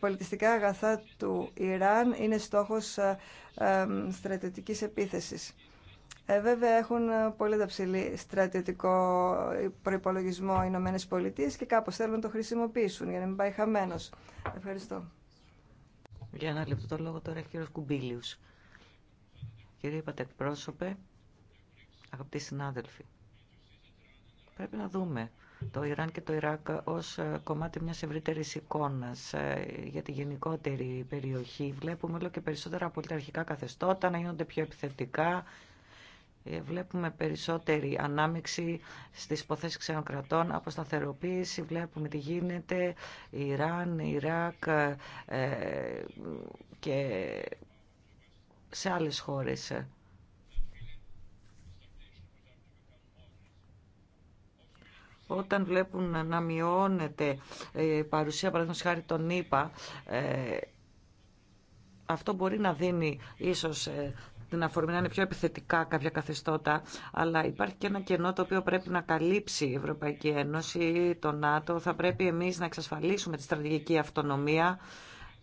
πολιτιστικά αγαθά του Ιράν είναι στόχος ε, ε, στρατιωτικής επίθεσης. Ε, βέβαια έχουν ε, πολύ ταψιλή στρατιωτικό προπολογισμό οι Ηνωμένε Πολιτείε και κάπως θέλουν να το χρησιμοποιήσουν για να μην πάει χαμένο. Ευχαριστώ. Για ένα λεπτό το λόγο τώρα έχει ο Κύριε, Κύριε Πατεκπρόσωπε, αγαπητοί συνάδελφοι, πρέπει να δούμε το Ιράν και το Ιράκ ως ε, κομμάτι μιας ευρύτερης εικόνας ε, για τη γενικότερη περιοχή. Βλέπουμε όλο και περισσότερα πολιταρχικά καθεστώτα να γίνονται πιο επιθετικά. Ε, βλέπουμε περισσότερη ανάμειξη στις υποθέσει ξένων κρατών, από σταθεροποίηση, βλέπουμε τι γίνεται, Ιράν, Ιράκ και σε άλλες χώρες όταν βλέπουν να μειώνεται η παρουσία παραδείγματος χάρη τον ΗΠΑ ε, αυτό μπορεί να δίνει ίσως ε, την αφορμή να είναι πιο επιθετικά κάποια καθεστώτα, αλλά υπάρχει και ένα κενό το οποίο πρέπει να καλύψει η Ευρωπαϊκή Ένωση, το ΝΑΤΟ. Θα πρέπει εμείς να εξασφαλίσουμε τη στρατηγική αυτονομία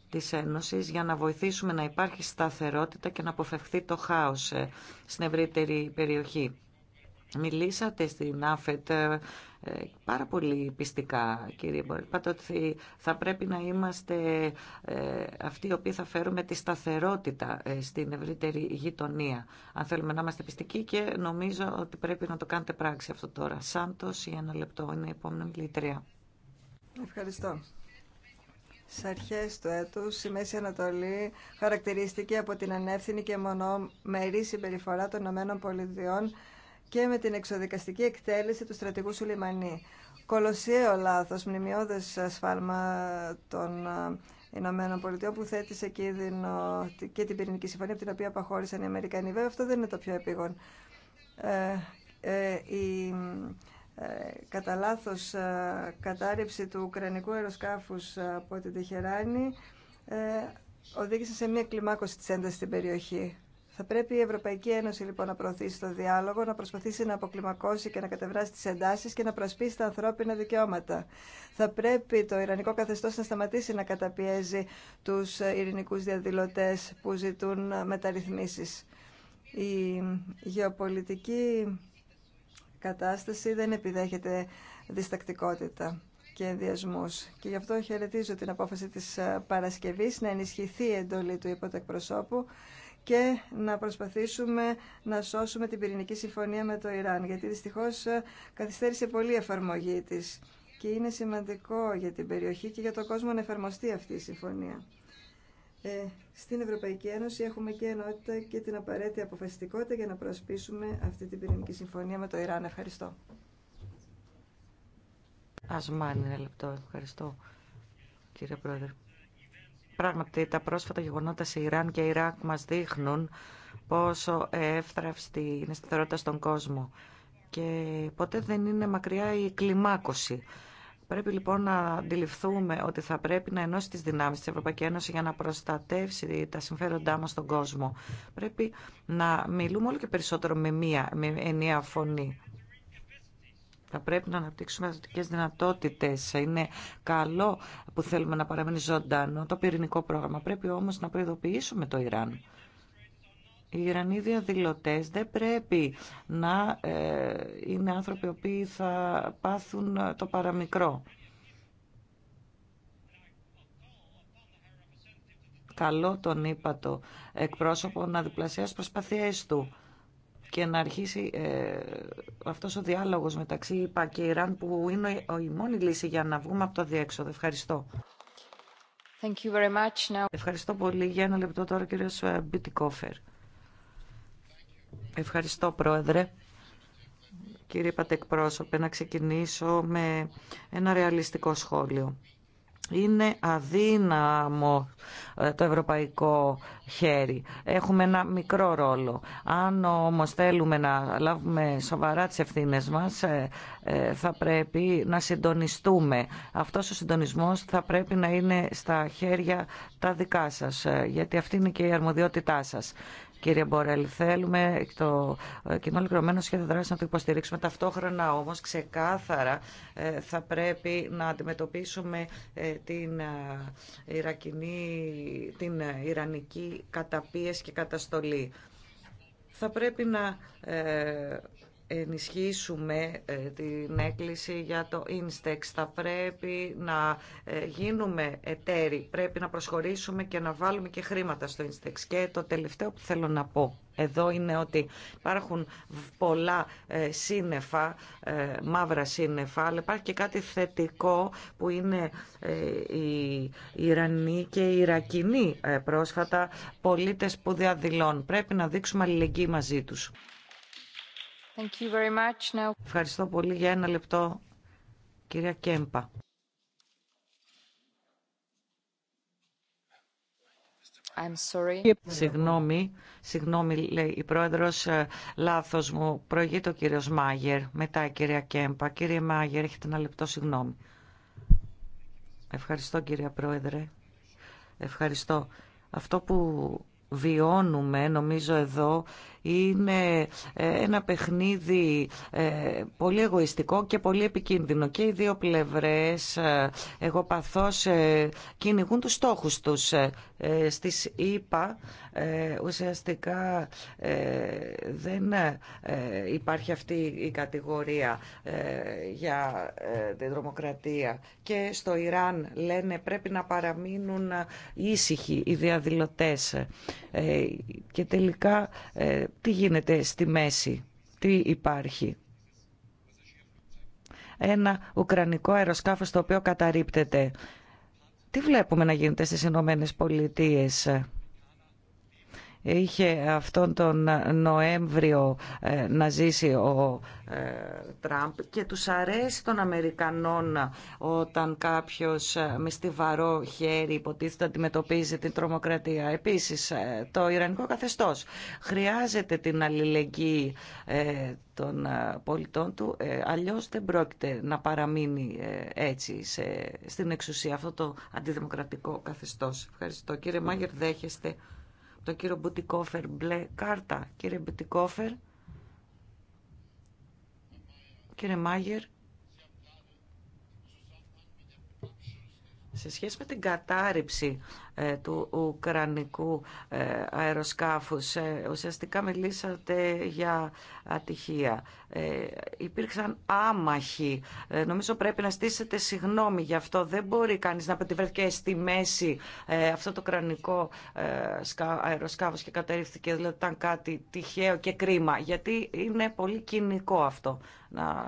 της Ένωσης για να βοηθήσουμε να υπάρχει σταθερότητα και να αποφευχθεί το χάος ε, στην ευρύτερη περιοχή. Μιλήσατε στην ΑΦΕΤ ε, πάρα πολύ πιστικά, κύριε Μπορέλ. Είπατε ότι θα πρέπει να είμαστε ε, αυτοί οι οποίοι θα φέρουμε τη σταθερότητα ε, στην ευρύτερη γειτονία. Αν θέλουμε να είμαστε πιστικοί και νομίζω ότι πρέπει να το κάνετε πράξη αυτό τώρα. Σάντος, για ένα λεπτό, είναι η επόμενη μιλήτρια. Ευχαριστώ. Στι αρχέ του έτου, η Μέση Ανατολή χαρακτηρίστηκε από την ανεύθυνη και μονομερή συμπεριφορά των ΗΠΑ και με την εξοδικαστική εκτέλεση του στρατηγού Σουλημανή. Κολοσιαίο λάθος, μνημειώδες σφάλμα των ε, Ηνωμένων Πολιτειών που θέτησε κίνδυνο και την πυρηνική συμφωνία από την οποία απαχώρησαν οι Αμερικανοί. Βέβαια αυτό δεν είναι το πιο επίγον. Ε, ε, η ε, κατά λάθο ε, κατάρρευση του ουκρανικού αεροσκάφους από την Τεχεράνη ε, οδήγησε σε μια κλιμάκωση της έντασης στην περιοχή. Θα πρέπει η Ευρωπαϊκή Ένωση λοιπόν να προωθήσει το διάλογο, να προσπαθήσει να αποκλιμακώσει και να κατεβράσει τι εντάσει και να προσπίσει τα ανθρώπινα δικαιώματα. Θα πρέπει το Ιρανικό καθεστώ να σταματήσει να καταπιέζει του ειρηνικού διαδηλωτέ που ζητούν μεταρρυθμίσει. Η γεωπολιτική κατάσταση δεν επιδέχεται διστακτικότητα και ενδιασμούς. Και γι' αυτό χαιρετίζω την απόφαση της Παρασκευής να ενισχυθεί η εντολή του υποτεκπροσώπου και να προσπαθήσουμε να σώσουμε την πυρηνική συμφωνία με το Ιράν, γιατί δυστυχώς ε, καθυστέρησε πολύ η εφαρμογή της και είναι σημαντικό για την περιοχή και για τον κόσμο να εφαρμοστεί αυτή η συμφωνία. Ε, στην Ευρωπαϊκή Ένωση έχουμε και ενότητα και την απαραίτητη αποφασιστικότητα για να προσπίσουμε αυτή την πυρηνική συμφωνία με το Ιράν. Ευχαριστώ. Ας ένα λεπτό. Ευχαριστώ, κύριε Πρόεδρε. Πράγματι, τα πρόσφατα γεγονότα σε Ιράν και Ιράκ μας δείχνουν πόσο εύθραυστη είναι σταθερότητα στον κόσμο. Και ποτέ δεν είναι μακριά η κλιμάκωση. Πρέπει λοιπόν να αντιληφθούμε ότι θα πρέπει να ενώσει τις δυνάμεις της Ευρωπαϊκή Ένωση για να προστατεύσει τα συμφέροντά μας στον κόσμο. Πρέπει να μιλούμε όλο και περισσότερο με μία με ενιαία φωνή. Θα πρέπει να αναπτύξουμε αυτέ δυνατότητε. Είναι καλό που θέλουμε να παραμείνει ζωντανό το πυρηνικό πρόγραμμα. Πρέπει όμω να προειδοποιήσουμε το Ιράν. Οι Ιρανοί διαδηλωτέ δεν πρέπει να ε, είναι άνθρωποι οποίοι θα πάθουν το παραμικρό. Καλό τον ύπατο εκπρόσωπο να διπλασιάσει προσπαθίες του και να αρχίσει ε, αυτός ο διάλογος μεταξύ ΙΠΑ και Ιράν που είναι η μόνη λύση για να βγούμε από το διέξοδο. Ευχαριστώ. Ευχαριστώ πολύ. Για ένα λεπτό τώρα κύριος ε, Μπιτικόφερ. Ευχαριστώ πρόεδρε. Κύριε Πατεκπρόσωπε, να ξεκινήσω με ένα ρεαλιστικό σχόλιο είναι αδύναμο ε, το ευρωπαϊκό χέρι. Έχουμε ένα μικρό ρόλο. Αν όμως θέλουμε να λάβουμε σοβαρά τις ευθύνες μας, ε, ε, θα πρέπει να συντονιστούμε. Αυτός ο συντονισμός θα πρέπει να είναι στα χέρια τα δικά σας, γιατί αυτή είναι και η αρμοδιότητά σας. Κύριε Μπορέλ, θέλουμε το κοινό ολοκληρωμένο σχέδιο δράση να το υποστηρίξουμε. Ταυτόχρονα όμω ξεκάθαρα ε, θα πρέπει να αντιμετωπίσουμε ε, την, ε, Ιρακινή, την Ιρανική καταπίεση και καταστολή. Θα πρέπει να ενισχύσουμε ε, την έκκληση για το Instex. Θα πρέπει να ε, γίνουμε εταίροι, πρέπει να προσχωρήσουμε και να βάλουμε και χρήματα στο Instex. Και το τελευταίο που θέλω να πω εδώ είναι ότι υπάρχουν πολλά ε, σύννεφα, μαύρα σύννεφα, αλλά υπάρχει και κάτι θετικό που είναι οι Ιρανοί και οι Ιρακινοί πρόσφατα πολίτες που διαδηλώνουν. Πρέπει να δείξουμε αλληλεγγύη μαζί τους. Ευχαριστώ πολύ για ένα λεπτό, κυρία Κέμπα. I'm sorry. Συγγνώμη, συγγνώμη λέει η πρόεδρος, ε, λάθος μου, προηγείται το κύριος Μάγερ, μετά η κυρία Κέμπα. Κύριε Μάγερ, έχετε ένα λεπτό συγγνώμη. Ευχαριστώ κύρια πρόεδρε, ευχαριστώ. Αυτό που βιώνουμε νομίζω εδώ είναι ε, ένα παιχνίδι ε, πολύ εγωιστικό και πολύ επικίνδυνο. Και οι δύο πλευρές ε, εγωπαθώς κυνηγούν τους στόχους τους. Στις ίπα ουσιαστικά δεν υπάρχει αυτή η κατηγορία για την τρομοκρατία. Και στο Ιράν λένε πρέπει να παραμείνουν ήσυχοι οι διαδηλωτές. Και τελικά τι γίνεται στη μέση, τι υπάρχει. Ένα ουκρανικό αεροσκάφος το οποίο καταρρύπτεται. Τι βλέπουμε να γίνεται στις Ηνωμένε Πολιτείες είχε αυτόν τον Νοέμβριο ε, να ζήσει ο ε, Τραμπ και τους αρέσει των Αμερικανών όταν κάποιος ε, με στιβαρό χέρι υποτίθεται αντιμετωπίζει την τρομοκρατία. Επίσης, το Ιρανικό καθεστώς χρειάζεται την αλληλεγγύη των πολιτών του, αλλιώς δεν πρόκειται να παραμείνει έτσι σε, στην εξουσία αυτό το αντιδημοκρατικό καθεστώς. Ευχαριστώ. Κύριε Μάγερ, δέχεστε το κύριο Μπουτικόφερ μπλε κάρτα. Κύριε Μπουτικόφερ, κύριε Μάγερ, σε σχέση με την κατάρριψη ε, του Ουκρανικού ε, αεροσκάφους. Ε, ουσιαστικά μιλήσατε για ατυχία. Υπήρξαν άμαχοι. Νομίζω πρέπει να στήσετε συγγνώμη γι' αυτό. Δεν μπορεί κανείς να και στη μέση αυτό το κρανικό αεροσκάφος και κατερρύφθηκε. Δηλαδή ήταν κάτι τυχαίο και κρίμα. Γιατί είναι πολύ κοινικό αυτό. Να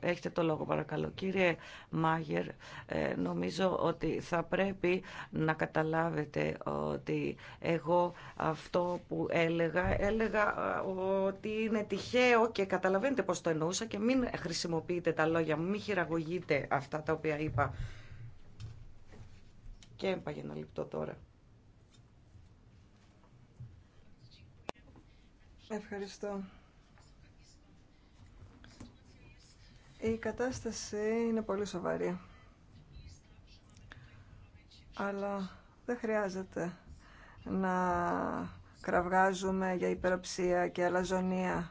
έχετε το λόγο παρακαλώ. Κύριε Μάγερ, νομίζω ότι θα πρέπει να καταλάβετε καταλάβετε ότι εγώ αυτό που έλεγα, έλεγα ότι είναι τυχαίο και καταλαβαίνετε πώς το εννοούσα και μην χρησιμοποιείτε τα λόγια μου, μην χειραγωγείτε αυτά τα οποία είπα. Και έπαγε ένα λεπτό τώρα. Ευχαριστώ. Η κατάσταση είναι πολύ σοβαρή. Αλλά δεν χρειάζεται να κραυγάζουμε για υπεροψία και αλαζονία.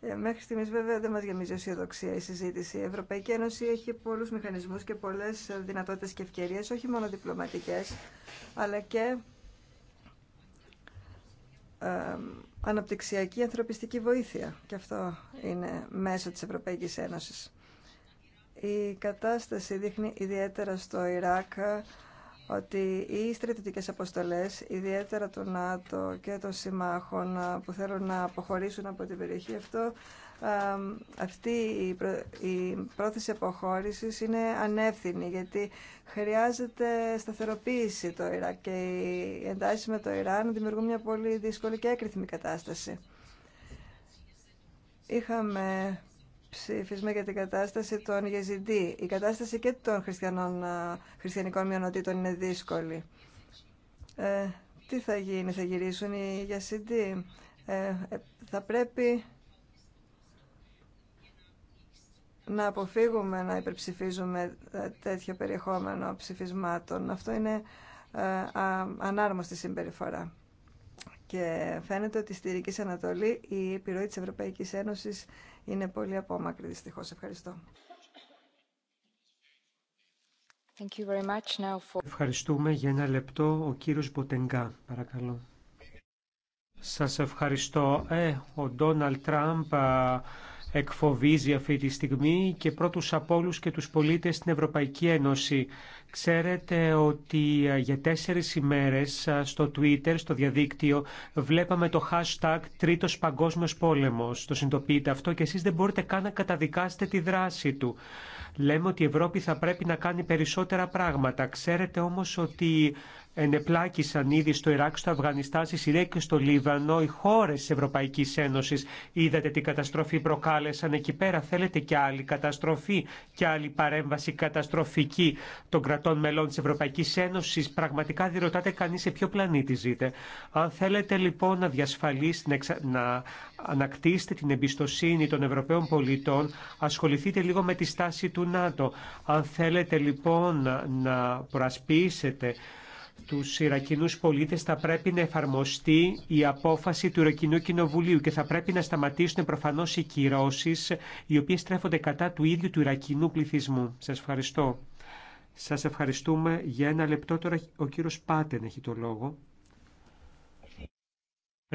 Ε, μέχρι στιγμή, βέβαια, δεν μα γεμίζει αισιοδοξία η συζήτηση. Η Ευρωπαϊκή Ένωση έχει πολλού μηχανισμού και πολλέ δυνατότητε και ευκαιρίε, όχι μόνο διπλωματικέ, αλλά και αναπτυξιακή ανθρωπιστική βοήθεια. Και αυτό είναι μέσω της Ευρωπαϊκής Ένωσης. Η κατάσταση δείχνει ιδιαίτερα στο Ιράκ ότι οι στρατιωτικές αποστολές, ιδιαίτερα του ΝΑΤΟ και των συμμάχων που θέλουν να αποχωρήσουν από την περιοχή αυτό, αυτή η, πρόθεση αποχώρησης είναι ανεύθυνη γιατί χρειάζεται σταθεροποίηση το Ιράκ και οι εντάσεις με το Ιράν δημιουργούν μια πολύ δύσκολη και έκριθμη κατάσταση. Είχαμε ψήφισμα για την κατάσταση των Γεζιντή. Η κατάσταση και των χριστιανών, χριστιανικών μειονοτήτων είναι δύσκολη. Ε, τι θα γίνει, θα γυρίσουν οι Γεζιντή. Ε, ε, θα πρέπει να αποφύγουμε να υπερψηφίζουμε ε, τέτοιο περιεχόμενο ψηφισμάτων. Αυτό είναι ανάρμοστη συμπεριφορά. Και φαίνεται ότι στη Ρική Ανατολή η επιρροή της Ευρωπαϊκής Ένωσης είναι πολύ απόμακρη δυστυχώς. Ευχαριστώ. Ευχαριστούμε για ένα λεπτό ο κύριος Μποτενγκά, παρακαλώ. Σας ευχαριστώ. Ε, ο Ντόναλτ Τραμπ εκφοβίζει αυτή τη στιγμή και πρώτους από όλους και τους πολίτες στην Ευρωπαϊκή Ένωση. Ξέρετε ότι ε, για τέσσερις ημέρες ε, στο Twitter, στο διαδίκτυο, βλέπαμε το hashtag «Τρίτος Παγκόσμιος Πόλεμος». Το συνειδητοποιείτε αυτό και εσείς δεν μπορείτε καν να καταδικάσετε τη δράση του. Λέμε ότι η Ευρώπη θα πρέπει να κάνει περισσότερα πράγματα. Ξέρετε όμως ότι ενεπλάκησαν ήδη στο Ιράκ, στο Αφγανιστάν, στη Συρία και στο Λίβανο οι χώρε τη Ευρωπαϊκή Ένωση. Είδατε τι καταστροφή προκάλεσαν εκεί πέρα. Θέλετε και άλλη καταστροφή και άλλη παρέμβαση καταστροφική των κρατών μελών τη Ευρωπαϊκή Ένωση. Πραγματικά δεν ρωτάτε κανεί σε ποιο πλανήτη ζείτε. Αν θέλετε λοιπόν να διασφαλίσετε, να ανακτήσετε την εμπιστοσύνη των Ευρωπαίων πολιτών, ασχοληθείτε λίγο με τη στάση του ΝΑΤΟ. Αν θέλετε λοιπόν να προασπίσετε τους Ιρακινούς πολίτες θα πρέπει να εφαρμοστεί η απόφαση του Ιρακινού Κοινοβουλίου και θα πρέπει να σταματήσουν προφανώς οι κυρώσεις οι οποίες στρέφονται κατά του ίδιου του Ιρακινού πληθυσμού. Σας ευχαριστώ. Σας ευχαριστούμε. Για ένα λεπτό τώρα ο κύριος Πάτεν έχει το λόγο.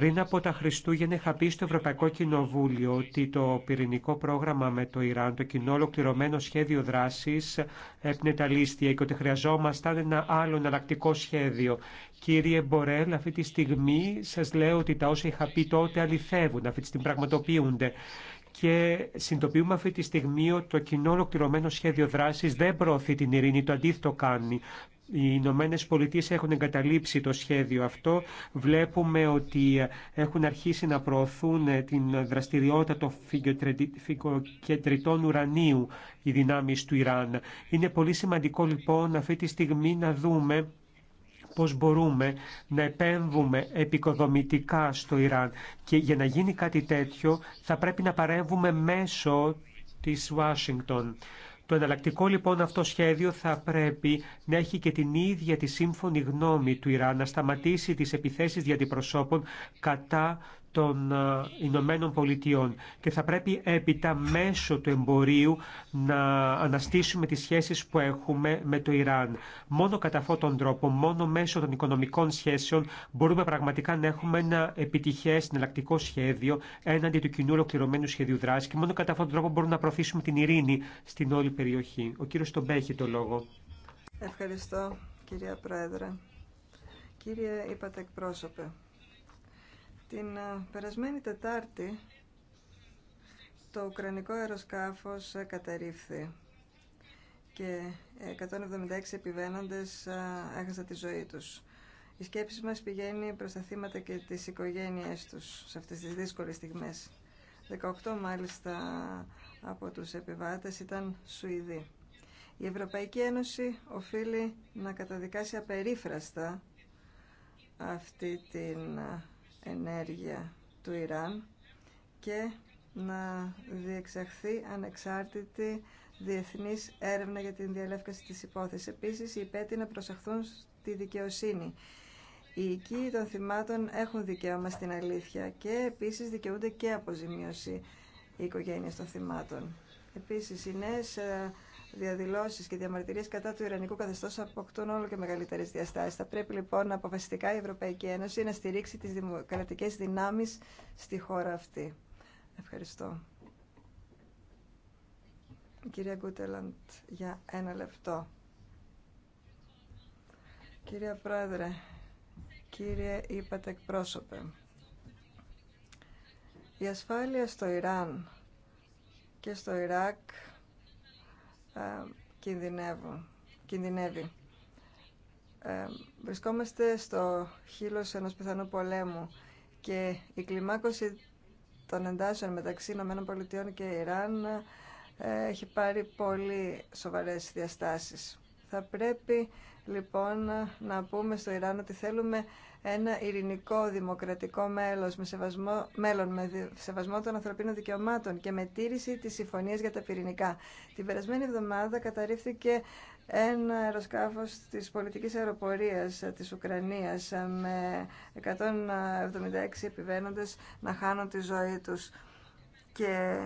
Πριν από τα Χριστούγεννα είχα πει στο Ευρωπαϊκό Κοινοβούλιο ότι το πυρηνικό πρόγραμμα με το Ιράν, το κοινό ολοκληρωμένο σχέδιο δράσης, έπνε τα λίστια και ότι χρειαζόμασταν ένα άλλο εναλλακτικό σχέδιο. Κύριε Μπορέλ, αυτή τη στιγμή σας λέω ότι τα όσα είχα πει τότε αληθεύουν, αυτή τη στιγμή πραγματοποιούνται και συντοποιούμε αυτή τη στιγμή ότι το κοινό ολοκληρωμένο σχέδιο δράση δεν προωθεί την ειρήνη, το αντίθετο κάνει. Οι Ηνωμένε Πολιτείε έχουν εγκαταλείψει το σχέδιο αυτό. Βλέπουμε ότι έχουν αρχίσει να προωθούν την δραστηριότητα των φυγκοκεντριτών ουρανίου οι δυνάμει του Ιράν. Είναι πολύ σημαντικό λοιπόν αυτή τη στιγμή να δούμε πώς μπορούμε να επέμβουμε επικοδομητικά στο Ιράν. Και για να γίνει κάτι τέτοιο θα πρέπει να παρέμβουμε μέσω της Ουάσιγκτον. Το εναλλακτικό λοιπόν αυτό σχέδιο θα πρέπει να έχει και την ίδια τη σύμφωνη γνώμη του Ιράν να σταματήσει τις επιθέσεις διαντιπροσώπων κατά των ε, Ηνωμένων Πολιτειών και θα πρέπει έπειτα μέσω του εμπορίου να αναστήσουμε τις σχέσεις που έχουμε με το Ιράν. Μόνο κατά αυτόν τον τρόπο, μόνο μέσω των οικονομικών σχέσεων μπορούμε πραγματικά να έχουμε ένα επιτυχές συναλλακτικό σχέδιο έναντι του κοινού ολοκληρωμένου σχεδίου δράση και μόνο κατά αυτόν τον τρόπο μπορούμε να προωθήσουμε την ειρήνη στην όλη περιοχή. Ο κύριος τον έχει το λόγο. Ευχαριστώ κυρία Πρόεδρε. Κύριε είπατε εκπρόσωπε. Την ε, περασμένη Τετάρτη το ουκρανικό αεροσκάφος καταρρίφθη και 176 ε, επιβαίνοντες ε, έχασαν τη ζωή τους. Η σκέψη μας πηγαίνει προς τα θύματα και τις οικογένειές τους σε αυτές τις δύσκολες στιγμές. 18 μάλιστα από τους επιβάτες ήταν Σουηδοί. Η Ευρωπαϊκή Ένωση οφείλει να καταδικάσει απερίφραστα αυτή την ενέργεια του Ιράν και να διεξαχθεί ανεξάρτητη διεθνής έρευνα για την διαλεύκαση της υπόθεσης. Επίσης, οι υπέτοι να προσαχθούν στη δικαιοσύνη. Οι οικοί των θυμάτων έχουν δικαίωμα στην αλήθεια και επίσης δικαιούνται και αποζημίωση οι οικογένειες των θυμάτων. Επίσης, οι ε, Διαδηλώσει και διαμαρτυρίες κατά του Ιρανικού καθεστώ αποκτούν όλο και μεγαλύτερε διαστάσει. Θα πρέπει λοιπόν αποφασιστικά η Ευρωπαϊκή Ένωση να στηρίξει τι δημοκρατικέ δυνάμει στη χώρα αυτή. Ευχαριστώ. Κύριε κυρία Γκούτελαντ, για ένα λεπτό. Κύριε Πρόεδρε, κύριε είπατε εκπρόσωπε, η ασφάλεια στο Ιράν και στο Ιράκ ε, κινδυνεύουν, κινδυνεύει. Ε, βρισκόμαστε στο χείλος ενός πιθανού πολέμου και η κλιμάκωση των εντάσεων μεταξύ Πολιτειών και Ιράν ε, έχει πάρει πολύ σοβαρές διαστάσεις. Θα πρέπει λοιπόν να πούμε στο Ιράν ότι θέλουμε ένα ειρηνικό δημοκρατικό μέλος με σεβασμό, μέλλον με σεβασμό των ανθρωπίνων δικαιωμάτων και με τήρηση της συμφωνίας για τα πυρηνικά. Την περασμένη εβδομάδα καταρρίφθηκε ένα αεροσκάφος της πολιτικής αεροπορίας της Ουκρανίας με 176 επιβαίνοντες να χάνουν τη ζωή τους. Και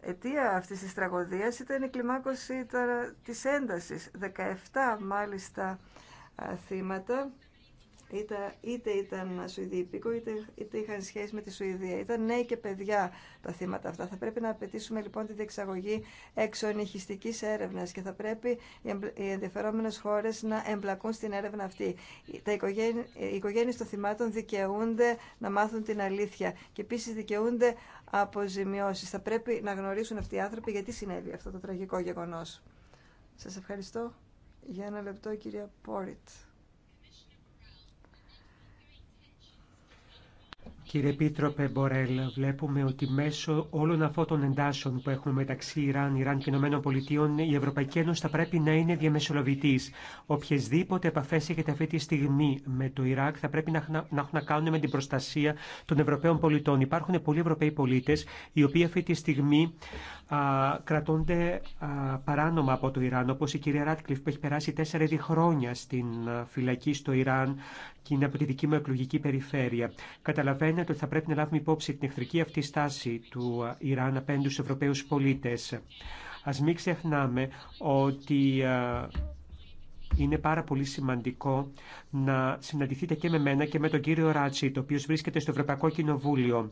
αιτία αυτής της τραγωδίας ήταν η κλιμάκωση της έντασης. 17 μάλιστα θύματα είτε ήταν Σουηδοί υπήκο, είτε, είτε είχαν σχέση με τη Σουηδία. Ήταν νέοι και παιδιά τα θύματα αυτά. Θα πρέπει να απαιτήσουμε λοιπόν τη διεξαγωγή εξονυχιστική έρευνα και θα πρέπει οι ενδιαφερόμενε χώρε να εμπλακούν στην έρευνα αυτή. Τα οικογένει, οι οικογένειε των θυμάτων δικαιούνται να μάθουν την αλήθεια και επίση δικαιούνται αποζημιώσει. Θα πρέπει να γνωρίσουν αυτοί οι άνθρωποι γιατί συνέβη αυτό το τραγικό γεγονό. Σα ευχαριστώ. Για ένα λεπτό, κυρία Πόριτ. Κύριε Πίτροπε Μπορέλ, βλέπουμε ότι μέσω όλων αυτών των εντάσεων που έχουμε μεταξύ Ιράν, Ιράν και Ηνωμένων Πολιτείων, η Ευρωπαϊκή Ένωση θα πρέπει να είναι διαμεσολαβητή. Οποιασδήποτε επαφέ έχετε αυτή τη στιγμή με το Ιράκ θα πρέπει να, έχουν να κάνουν με την προστασία των Ευρωπαίων πολιτών. Υπάρχουν πολλοί Ευρωπαίοι πολίτε οι οποίοι αυτή τη στιγμή α, κρατώνται α, παράνομα από το Ιράν, όπω η κυρία Ράτκλιφ που έχει περάσει τέσσερα χρόνια στην φυλακή στο Ιράν και είναι από τη δική μου εκλογική περιφέρεια. Καταλαβαίνετε φαίνεται ότι θα πρέπει να λάβουμε υπόψη την εχθρική αυτή στάση του Ιράν απέναντι στους Ευρωπαίους πολίτες. Ας μην ξεχνάμε ότι είναι πάρα πολύ σημαντικό να συναντηθείτε και με μένα και με τον κύριο Ράτσι, το οποίο βρίσκεται στο Ευρωπαϊκό Κοινοβούλιο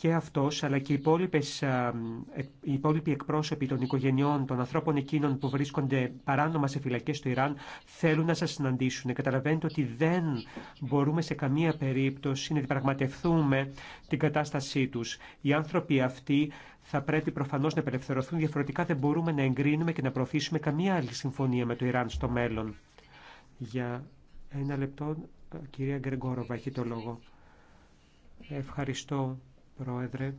και αυτό, αλλά και οι, υπόλοιπες, ε, οι υπόλοιποι εκπρόσωποι των οικογενειών, των ανθρώπων εκείνων που βρίσκονται παράνομα σε φυλακές στο Ιράν θέλουν να σας συναντήσουν. Καταλαβαίνετε ότι δεν μπορούμε σε καμία περίπτωση να διαπραγματευτούμε την κατάστασή τους. Οι άνθρωποι αυτοί θα πρέπει προφανώς να απελευθερωθούν, διαφορετικά δεν μπορούμε να εγκρίνουμε και να προωθήσουμε καμία άλλη συμφωνία με το Ιράν στο μέλλον. Για ένα λεπτό, κυρία Γκρεγόροβα έχει το λόγο. Ευχαριστώ Πρόεδρε,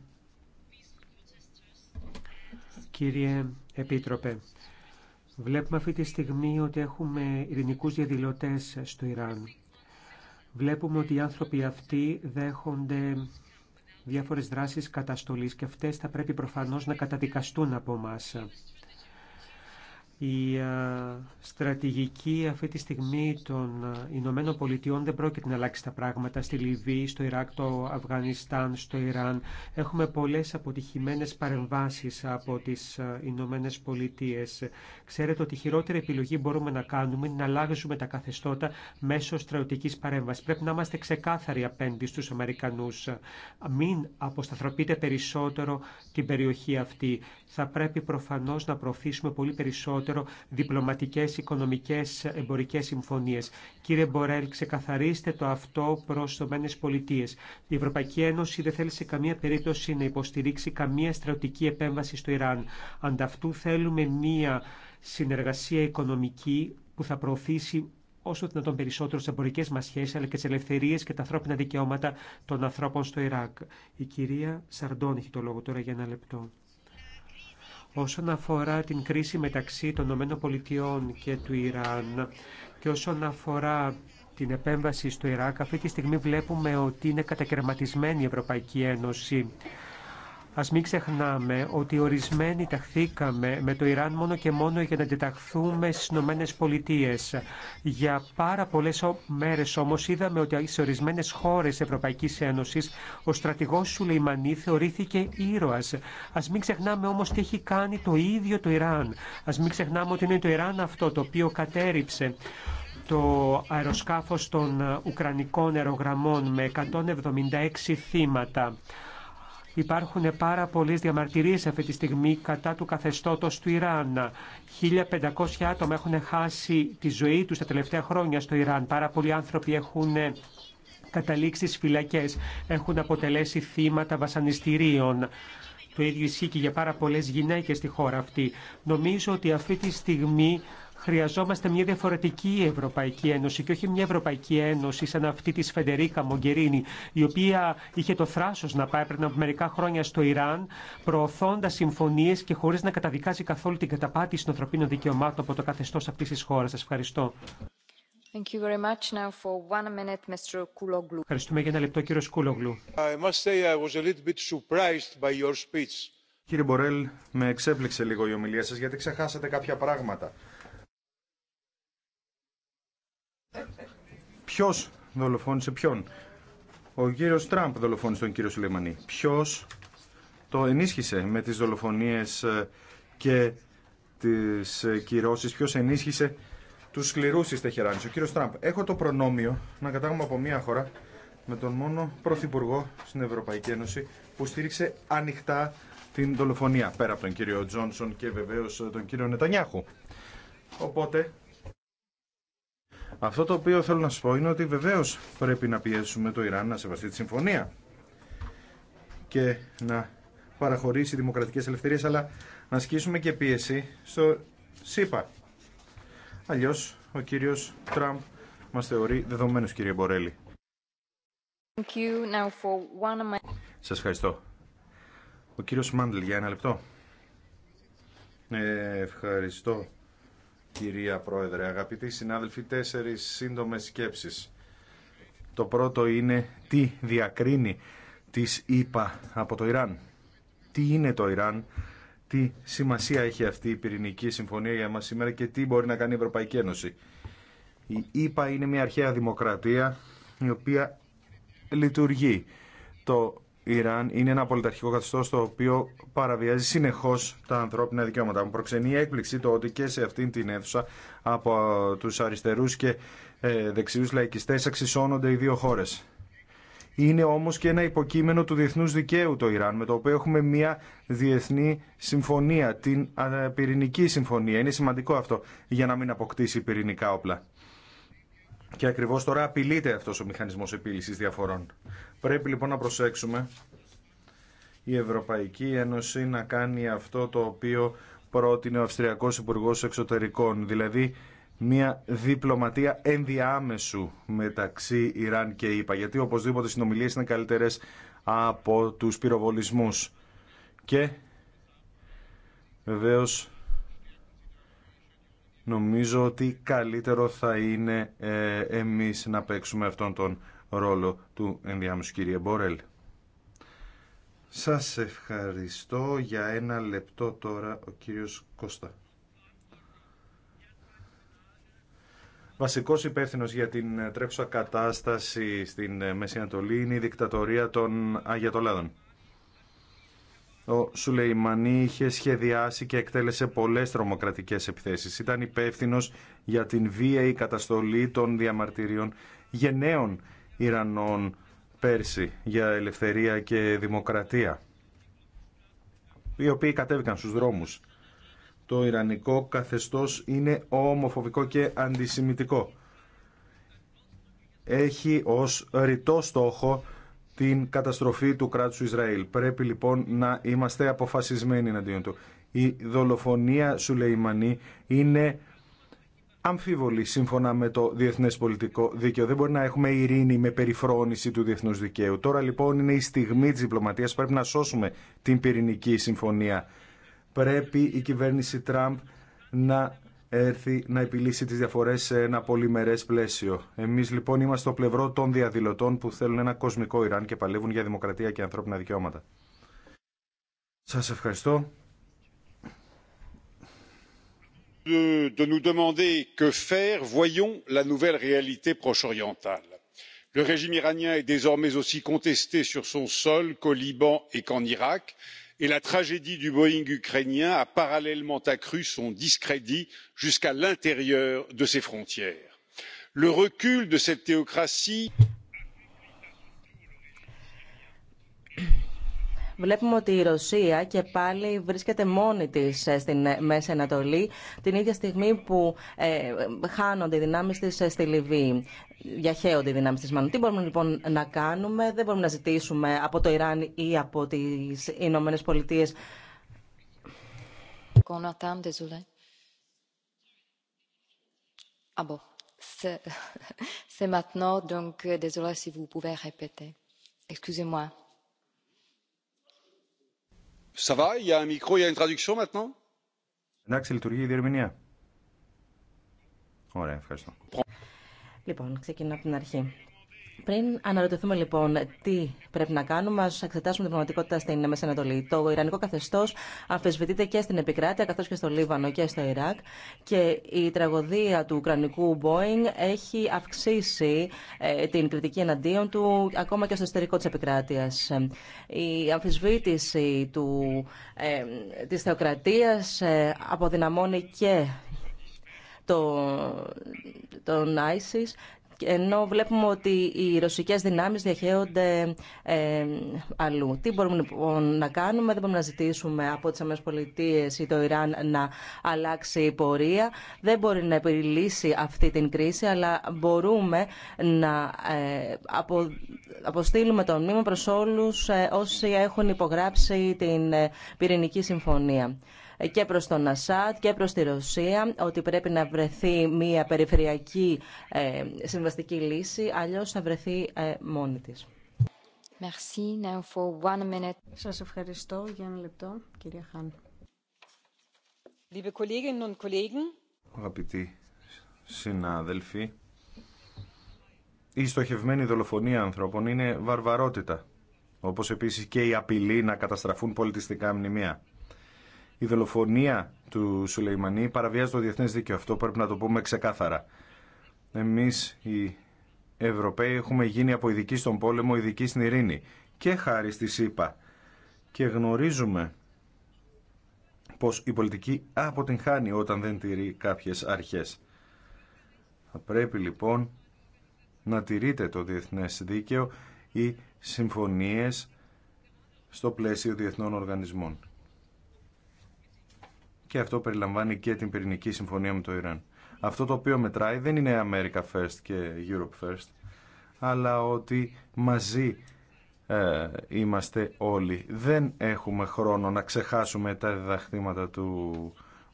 κύριε Επίτροπε, βλέπουμε αυτή τη στιγμή ότι έχουμε ειρηνικούς διαδηλωτές στο Ιράν. Βλέπουμε ότι οι άνθρωποι αυτοί δέχονται διάφορες δράσεις καταστολής και αυτές θα πρέπει προφανώς να καταδικαστούν από μας. Η ε, στρατηγική αυτή τη στιγμή των ε, Ηνωμένων Πολιτειών δεν πρόκειται να αλλάξει τα πράγματα στη Λιβύη, στο Ιράκ, το Αφγανιστάν, στο Ιράν. Έχουμε πολλές αποτυχημένες παρεμβάσεις από τις ε, Ηνωμένε Πολιτείε. Ξέρετε ότι η χειρότερη επιλογή μπορούμε να κάνουμε είναι να αλλάξουμε τα καθεστώτα μέσω στρατιωτικής παρέμβαση. Πρέπει να είμαστε ξεκάθαροι απέναντι στου Αμερικανού. Μην αποσταθροποιείτε περισσότερο την περιοχή αυτή. Θα πρέπει προφανώ να προωθήσουμε πολύ περισσότερο περισσότερο διπλωματικές, οικονομικές, εμπορικές συμφωνίες. Κύριε Μπορέλ, ξεκαθαρίστε το αυτό προς το Πολιτείες. Η Ευρωπαϊκή Ένωση δεν θέλει σε καμία περίπτωση να υποστηρίξει καμία στρατιωτική επέμβαση στο Ιράν. Ανταυτού θέλουμε μία συνεργασία οικονομική που θα προωθήσει όσο δυνατόν περισσότερο στι εμπορικέ μα σχέσει, αλλά και τι ελευθερίε και τα ανθρώπινα δικαιώματα των ανθρώπων στο Ιράκ. Η κυρία Σαρντών έχει το λόγο τώρα για ένα λεπτό όσον αφορά την κρίση μεταξύ των ΗΠΑ και του Ιράν και όσον αφορά την επέμβαση στο Ιράκ, αυτή τη στιγμή βλέπουμε ότι είναι κατακαιρματισμένη η Ευρωπαϊκή Ένωση. Ας μην ξεχνάμε ότι ορισμένοι ταχθήκαμε με το Ιράν μόνο και μόνο για να αντιταχθούμε στις Ηνωμένε Πολιτείε. Για πάρα πολλές μέρες όμως είδαμε ότι σε ορισμένες χώρες Ευρωπαϊκής Ένωσης ο στρατηγός Σουλεϊμανή θεωρήθηκε ήρωας. Ας μην ξεχνάμε όμως τι έχει κάνει το ίδιο το Ιράν. Ας μην ξεχνάμε ότι είναι το Ιράν αυτό το οποίο κατέριψε το αεροσκάφος των Ουκρανικών αερογραμμών με 176 θύματα. Υπάρχουν πάρα πολλέ διαμαρτυρίε αυτή τη στιγμή κατά του καθεστώτος του Ιράν. 1.500 άτομα έχουν χάσει τη ζωή τους τα τελευταία χρόνια στο Ιράν. Πάρα πολλοί άνθρωποι έχουν καταλήξει στι φυλακές, έχουν αποτελέσει θύματα βασανιστήριων. Το ίδιο ισχύει και για πάρα πολλέ γυναίκες στη χώρα αυτή. Νομίζω ότι αυτή τη στιγμή Χρειαζόμαστε μια διαφορετική Ευρωπαϊκή Ένωση και όχι μια Ευρωπαϊκή Ένωση σαν αυτή τη Φεντερίκα Μογκερίνη, η οποία είχε το θράσο να πάει πριν από μερικά χρόνια στο Ιράν, προωθώντα συμφωνίε και χωρί να καταδικάζει καθόλου την καταπάτηση των ανθρωπίνων δικαιωμάτων από το καθεστώ αυτή τη χώρα. Σα ευχαριστώ. Thank you very much. Now for one minute, Mr. Ευχαριστούμε για ένα λεπτό, κύριο Κούλογλου. Κύριε Μπορέλ, με εξέπληξε λίγο η ομιλία σας γιατί ξεχάσατε κάποια πράγματα. Ποιο δολοφόνησε ποιον. Ο κύριος Τραμπ δολοφόνησε τον κύριο Σουλεϊμανί. Ποιο το ενίσχυσε με τις δολοφονίες ε, και τις ε, κυρώσει, ποιο ενίσχυσε τους σκληρού τη Τεχεράνη. Ο κύριος Τραμπ. Έχω το προνόμιο να κατάγομαι από μια χώρα με τον μόνο πρωθυπουργό στην Ευρωπαϊκή Ένωση που στήριξε ανοιχτά την δολοφονία πέρα από τον κύριο Τζόνσον και βεβαίως τον κύριο Νετανιάχου. Οπότε αυτό το οποίο θέλω να σα πω είναι ότι βεβαίως πρέπει να πιέσουμε το Ιράν να σεβαστεί τη συμφωνία και να παραχωρήσει δημοκρατικές ελευθερίες, αλλά να ασκήσουμε και πίεση στο ΣΥΠΑ. Αλλιώ ο κύριος Τραμπ μας θεωρεί δεδομένο κύριε Μπορέλη. Σα Σας ευχαριστώ. Ο κύριος Μάντλ για ένα λεπτό. Ε, ευχαριστώ κυρία Πρόεδρε. Αγαπητοί συνάδελφοι, τέσσερις σύντομες σκέψεις. Το πρώτο είναι τι διακρίνει τις ΗΠΑ από το Ιράν. Τι είναι το Ιράν, τι σημασία έχει αυτή η πυρηνική συμφωνία για μας σήμερα και τι μπορεί να κάνει η Ευρωπαϊκή Ένωση. Η ΗΠΑ είναι μια αρχαία δημοκρατία η οποία λειτουργεί. Το Ιράν είναι ένα πολιταρχικό καθεστώ το οποίο παραβιάζει συνεχώ τα ανθρώπινα δικαιώματα. Μου προξενεί έκπληξη το ότι και σε αυτήν την αίθουσα από του αριστερού και ε, δεξιού λαϊκιστέ αξισώνονται οι δύο χώρε. Είναι όμω και ένα υποκείμενο του διεθνού δικαίου το Ιράν, με το οποίο έχουμε μια διεθνή συμφωνία, την πυρηνική συμφωνία. Είναι σημαντικό αυτό για να μην αποκτήσει πυρηνικά όπλα. Και ακριβώς τώρα απειλείται αυτό ο μηχανισμός επίλυση διαφορών. Πρέπει λοιπόν να προσέξουμε η Ευρωπαϊκή Ένωση να κάνει αυτό το οποίο πρότεινε ο Αυστριακός υπουργό Εξωτερικών, δηλαδή μια διπλωματία ενδιάμεσου μεταξύ Ιράν και ΙΠΑ, γιατί οπωσδήποτε οι συνομιλίες είναι καλύτερες από τους πυροβολισμού. Και βεβαίω νομίζω ότι καλύτερο θα είναι ε, εμείς να παίξουμε αυτόν τον ρόλο του ενδιάμεσου κύριε Μπορέλ. Σας ευχαριστώ για ένα λεπτό τώρα ο κύριος Κώστα. Βασικός υπεύθυνο για την τρέχουσα κατάσταση στην ε, Μέση Ανατολή είναι η δικτατορία των Αγιατολάδων. Ο Σουλεϊμανί είχε σχεδιάσει και εκτέλεσε πολλές τρομοκρατικές επιθέσεις. Ήταν υπεύθυνο για την βία ή καταστολή των διαμαρτυρίων γενναίων Ιρανών πέρσι για ελευθερία και δημοκρατία οι οποίοι κατέβηκαν στους δρόμους. Το Ιρανικό καθεστώς είναι ομοφοβικό και αντισημιτικό. Έχει ως ρητό στόχο την καταστροφή του κράτους του Ισραήλ. Πρέπει λοιπόν να είμαστε αποφασισμένοι εναντίον του. Η δολοφονία Σουλεϊμανή είναι αμφίβολη σύμφωνα με το διεθνές πολιτικό δίκαιο. Δεν μπορεί να έχουμε ειρήνη με περιφρόνηση του διεθνούς δικαίου. Τώρα λοιπόν είναι η στιγμή της διπλωματίας. Πρέπει να σώσουμε την πυρηνική συμφωνία. Πρέπει η κυβέρνηση Τραμπ να έρθει να επιλύσει τις διαφορές σε ένα πολυμερές πλαίσιο. Εμείς λοιπόν είμαστε στο πλευρό των διαδηλωτών που θέλουν ένα κοσμικό Ιράν και παλεύουν για δημοκρατία και ανθρώπινα δικαιώματα. Σας ευχαριστώ. De, de nous demander que faire, voyons la nouvelle réalité proche-orientale. Le régime iranien est désormais aussi contesté sur son sol qu'au Liban et qu'en Irak et la tragédie du boeing ukrainien a parallèlement accru son discrédit jusqu'à l'intérieur de ses frontières. le recul de cette théocratie Βλέπουμε ότι η Ρωσία και πάλι βρίσκεται μόνη τη ε, στην ε, Μέση Ανατολή την ίδια στιγμή που ε, χάνονται οι δυνάμεις της στη Λιβύη. Διαχέονται οι δυνάμεις της Μανού. Τι μπορούμε λοιπόν να κάνουμε. Δεν μπορούμε να ζητήσουμε από το Ιράν ή από τις Ηνωμένε Πολιτείε. Ah c'est maintenant, donc euh, désolé si vous pouvez répéter. Excusez-moi. Εντάξει, λειτουργεί η διερμηνία. Ωραία, ευχαριστώ. Λοιπόν, ξεκινώ από την αρχή. Πριν αναρωτηθούμε λοιπόν τι πρέπει να κάνουμε, α εξετάσουμε την πραγματικότητα στην Μέση Ανατολή. Το Ιρανικό καθεστώ αμφισβητείται και στην επικράτεια, καθώ και στο Λίβανο και στο Ιράκ. Και η τραγωδία του Ουκρανικού Boeing έχει αυξήσει ε, την κριτική εναντίον του, ακόμα και στο εσωτερικό τη επικράτεια. Η αμφισβήτηση ε, της θεοκρατίας ε, αποδυναμώνει και τον ISIS ενώ βλέπουμε ότι οι ρωσικές δυνάμεις διαχέονται ε, αλλού. Τι μπορούμε λοιπόν, να κάνουμε, δεν μπορούμε να ζητήσουμε από τις ΗΠΑ ή το Ιράν να αλλάξει η πορεία. Δεν μπορεί να επιλύσει αυτή την κρίση, αλλά μπορούμε να ε, απο, αποστείλουμε το μήμα προ όλου ε, όσοι έχουν υπογράψει την πυρηνική συμφωνία και προς τον Ασάτ και προς τη Ρωσία ότι πρέπει να βρεθεί μια περιφερειακή ε, συμβαστική λύση, αλλιώς θα βρεθεί ε, μόνη της. Merci. Now for one minute. Σας ευχαριστώ για ένα λεπτό, κυρία Χάν. Liebe Kolleginnen und Kollegen. Αγαπητοί συνάδελφοι, η στοχευμένη δολοφονία ανθρώπων είναι βαρβαρότητα, όπως επίσης και η απειλή να καταστραφούν πολιτιστικά μνημεία η δολοφονία του Σουλεϊμανί παραβιάζει το διεθνές δίκαιο. Αυτό πρέπει να το πούμε ξεκάθαρα. Εμείς οι Ευρωπαίοι έχουμε γίνει από ειδικοί στον πόλεμο, ειδικοί στην ειρήνη και χάρη στη ΣΥΠΑ. Και γνωρίζουμε πως η πολιτική αποτυγχάνει όταν δεν τηρεί κάποιες αρχές. Θα πρέπει λοιπόν να τηρείται το διεθνές δίκαιο ή συμφωνίες στο πλαίσιο διεθνών οργανισμών και αυτό περιλαμβάνει και την πυρηνική συμφωνία με το Ιράν. Αυτό το οποίο μετράει δεν είναι America First και Europe First, αλλά ότι μαζί ε, είμαστε όλοι. Δεν έχουμε χρόνο να ξεχάσουμε τα διδαχτήματα του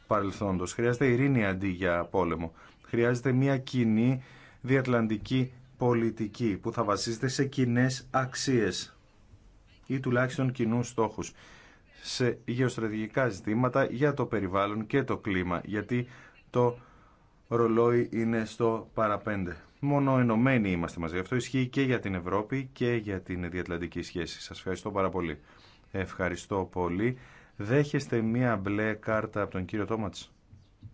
παρελθόντος. Χρειάζεται ειρήνη αντί για πόλεμο. Χρειάζεται μια κοινή διατλαντική πολιτική που θα βασίζεται σε κοινέ αξίες ή τουλάχιστον κοινού στόχους σε γεωστρατηγικά ζητήματα για το περιβάλλον και το κλίμα, γιατί το ρολόι είναι στο παραπέντε. Μόνο ενωμένοι είμαστε μαζί. Αυτό ισχύει και για την Ευρώπη και για την διατλαντική σχέση. Σας ευχαριστώ πάρα πολύ. Ευχαριστώ πολύ. Δέχεστε μία μπλε κάρτα από τον κύριο Τόματς.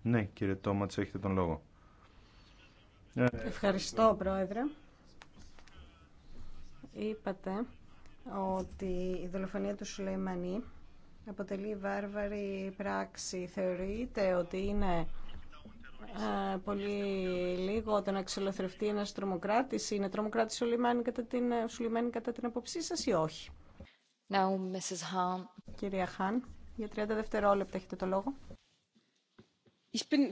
Ναι, κύριε Τόματς, έχετε τον λόγο. Ευχαριστώ, Πρόεδρε. Είπατε ότι η δολοφονία του Σουλεϊμανή αποτελεί βάρβαρη πράξη. Θεωρείτε ότι είναι ε, πολύ λίγο το να εξολοθρευτεί ένας τρομοκράτης. Είναι τρομοκράτης ο κατά την, ε, κατά την αποψή σας ή όχι. Now, Mrs. Κυρία Χάν, για 30 δευτερόλεπτα έχετε το λόγο. Ich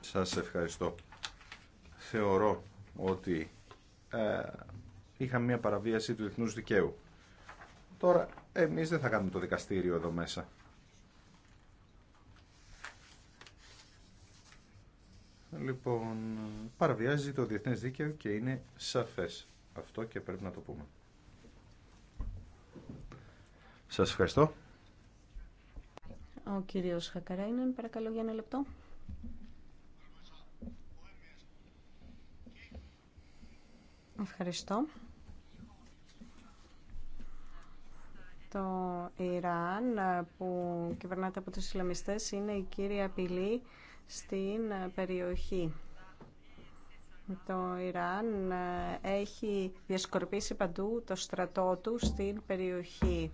Σας ευχαριστώ. Θεωρώ ότι ε, είχαμε μια παραβίαση του διεθνούς δικαίου. Τώρα, εμείς δεν θα κάνουμε το δικαστήριο εδώ μέσα. Λοιπόν, παραβιάζει το διεθνές δίκαιο και είναι σαφές. Αυτό και πρέπει να το πούμε. Σας ευχαριστώ. Ο κύριος Χακαράινεν, παρακαλώ για ένα λεπτό. Ευχαριστώ. Το Ιράν ε, που κυβερνάται από τους Ισλαμιστές είναι η κύρια απειλή στην ε, περιοχή. Το Ιράν ε, έχει διασκορπίσει παντού το στρατό του στην περιοχή.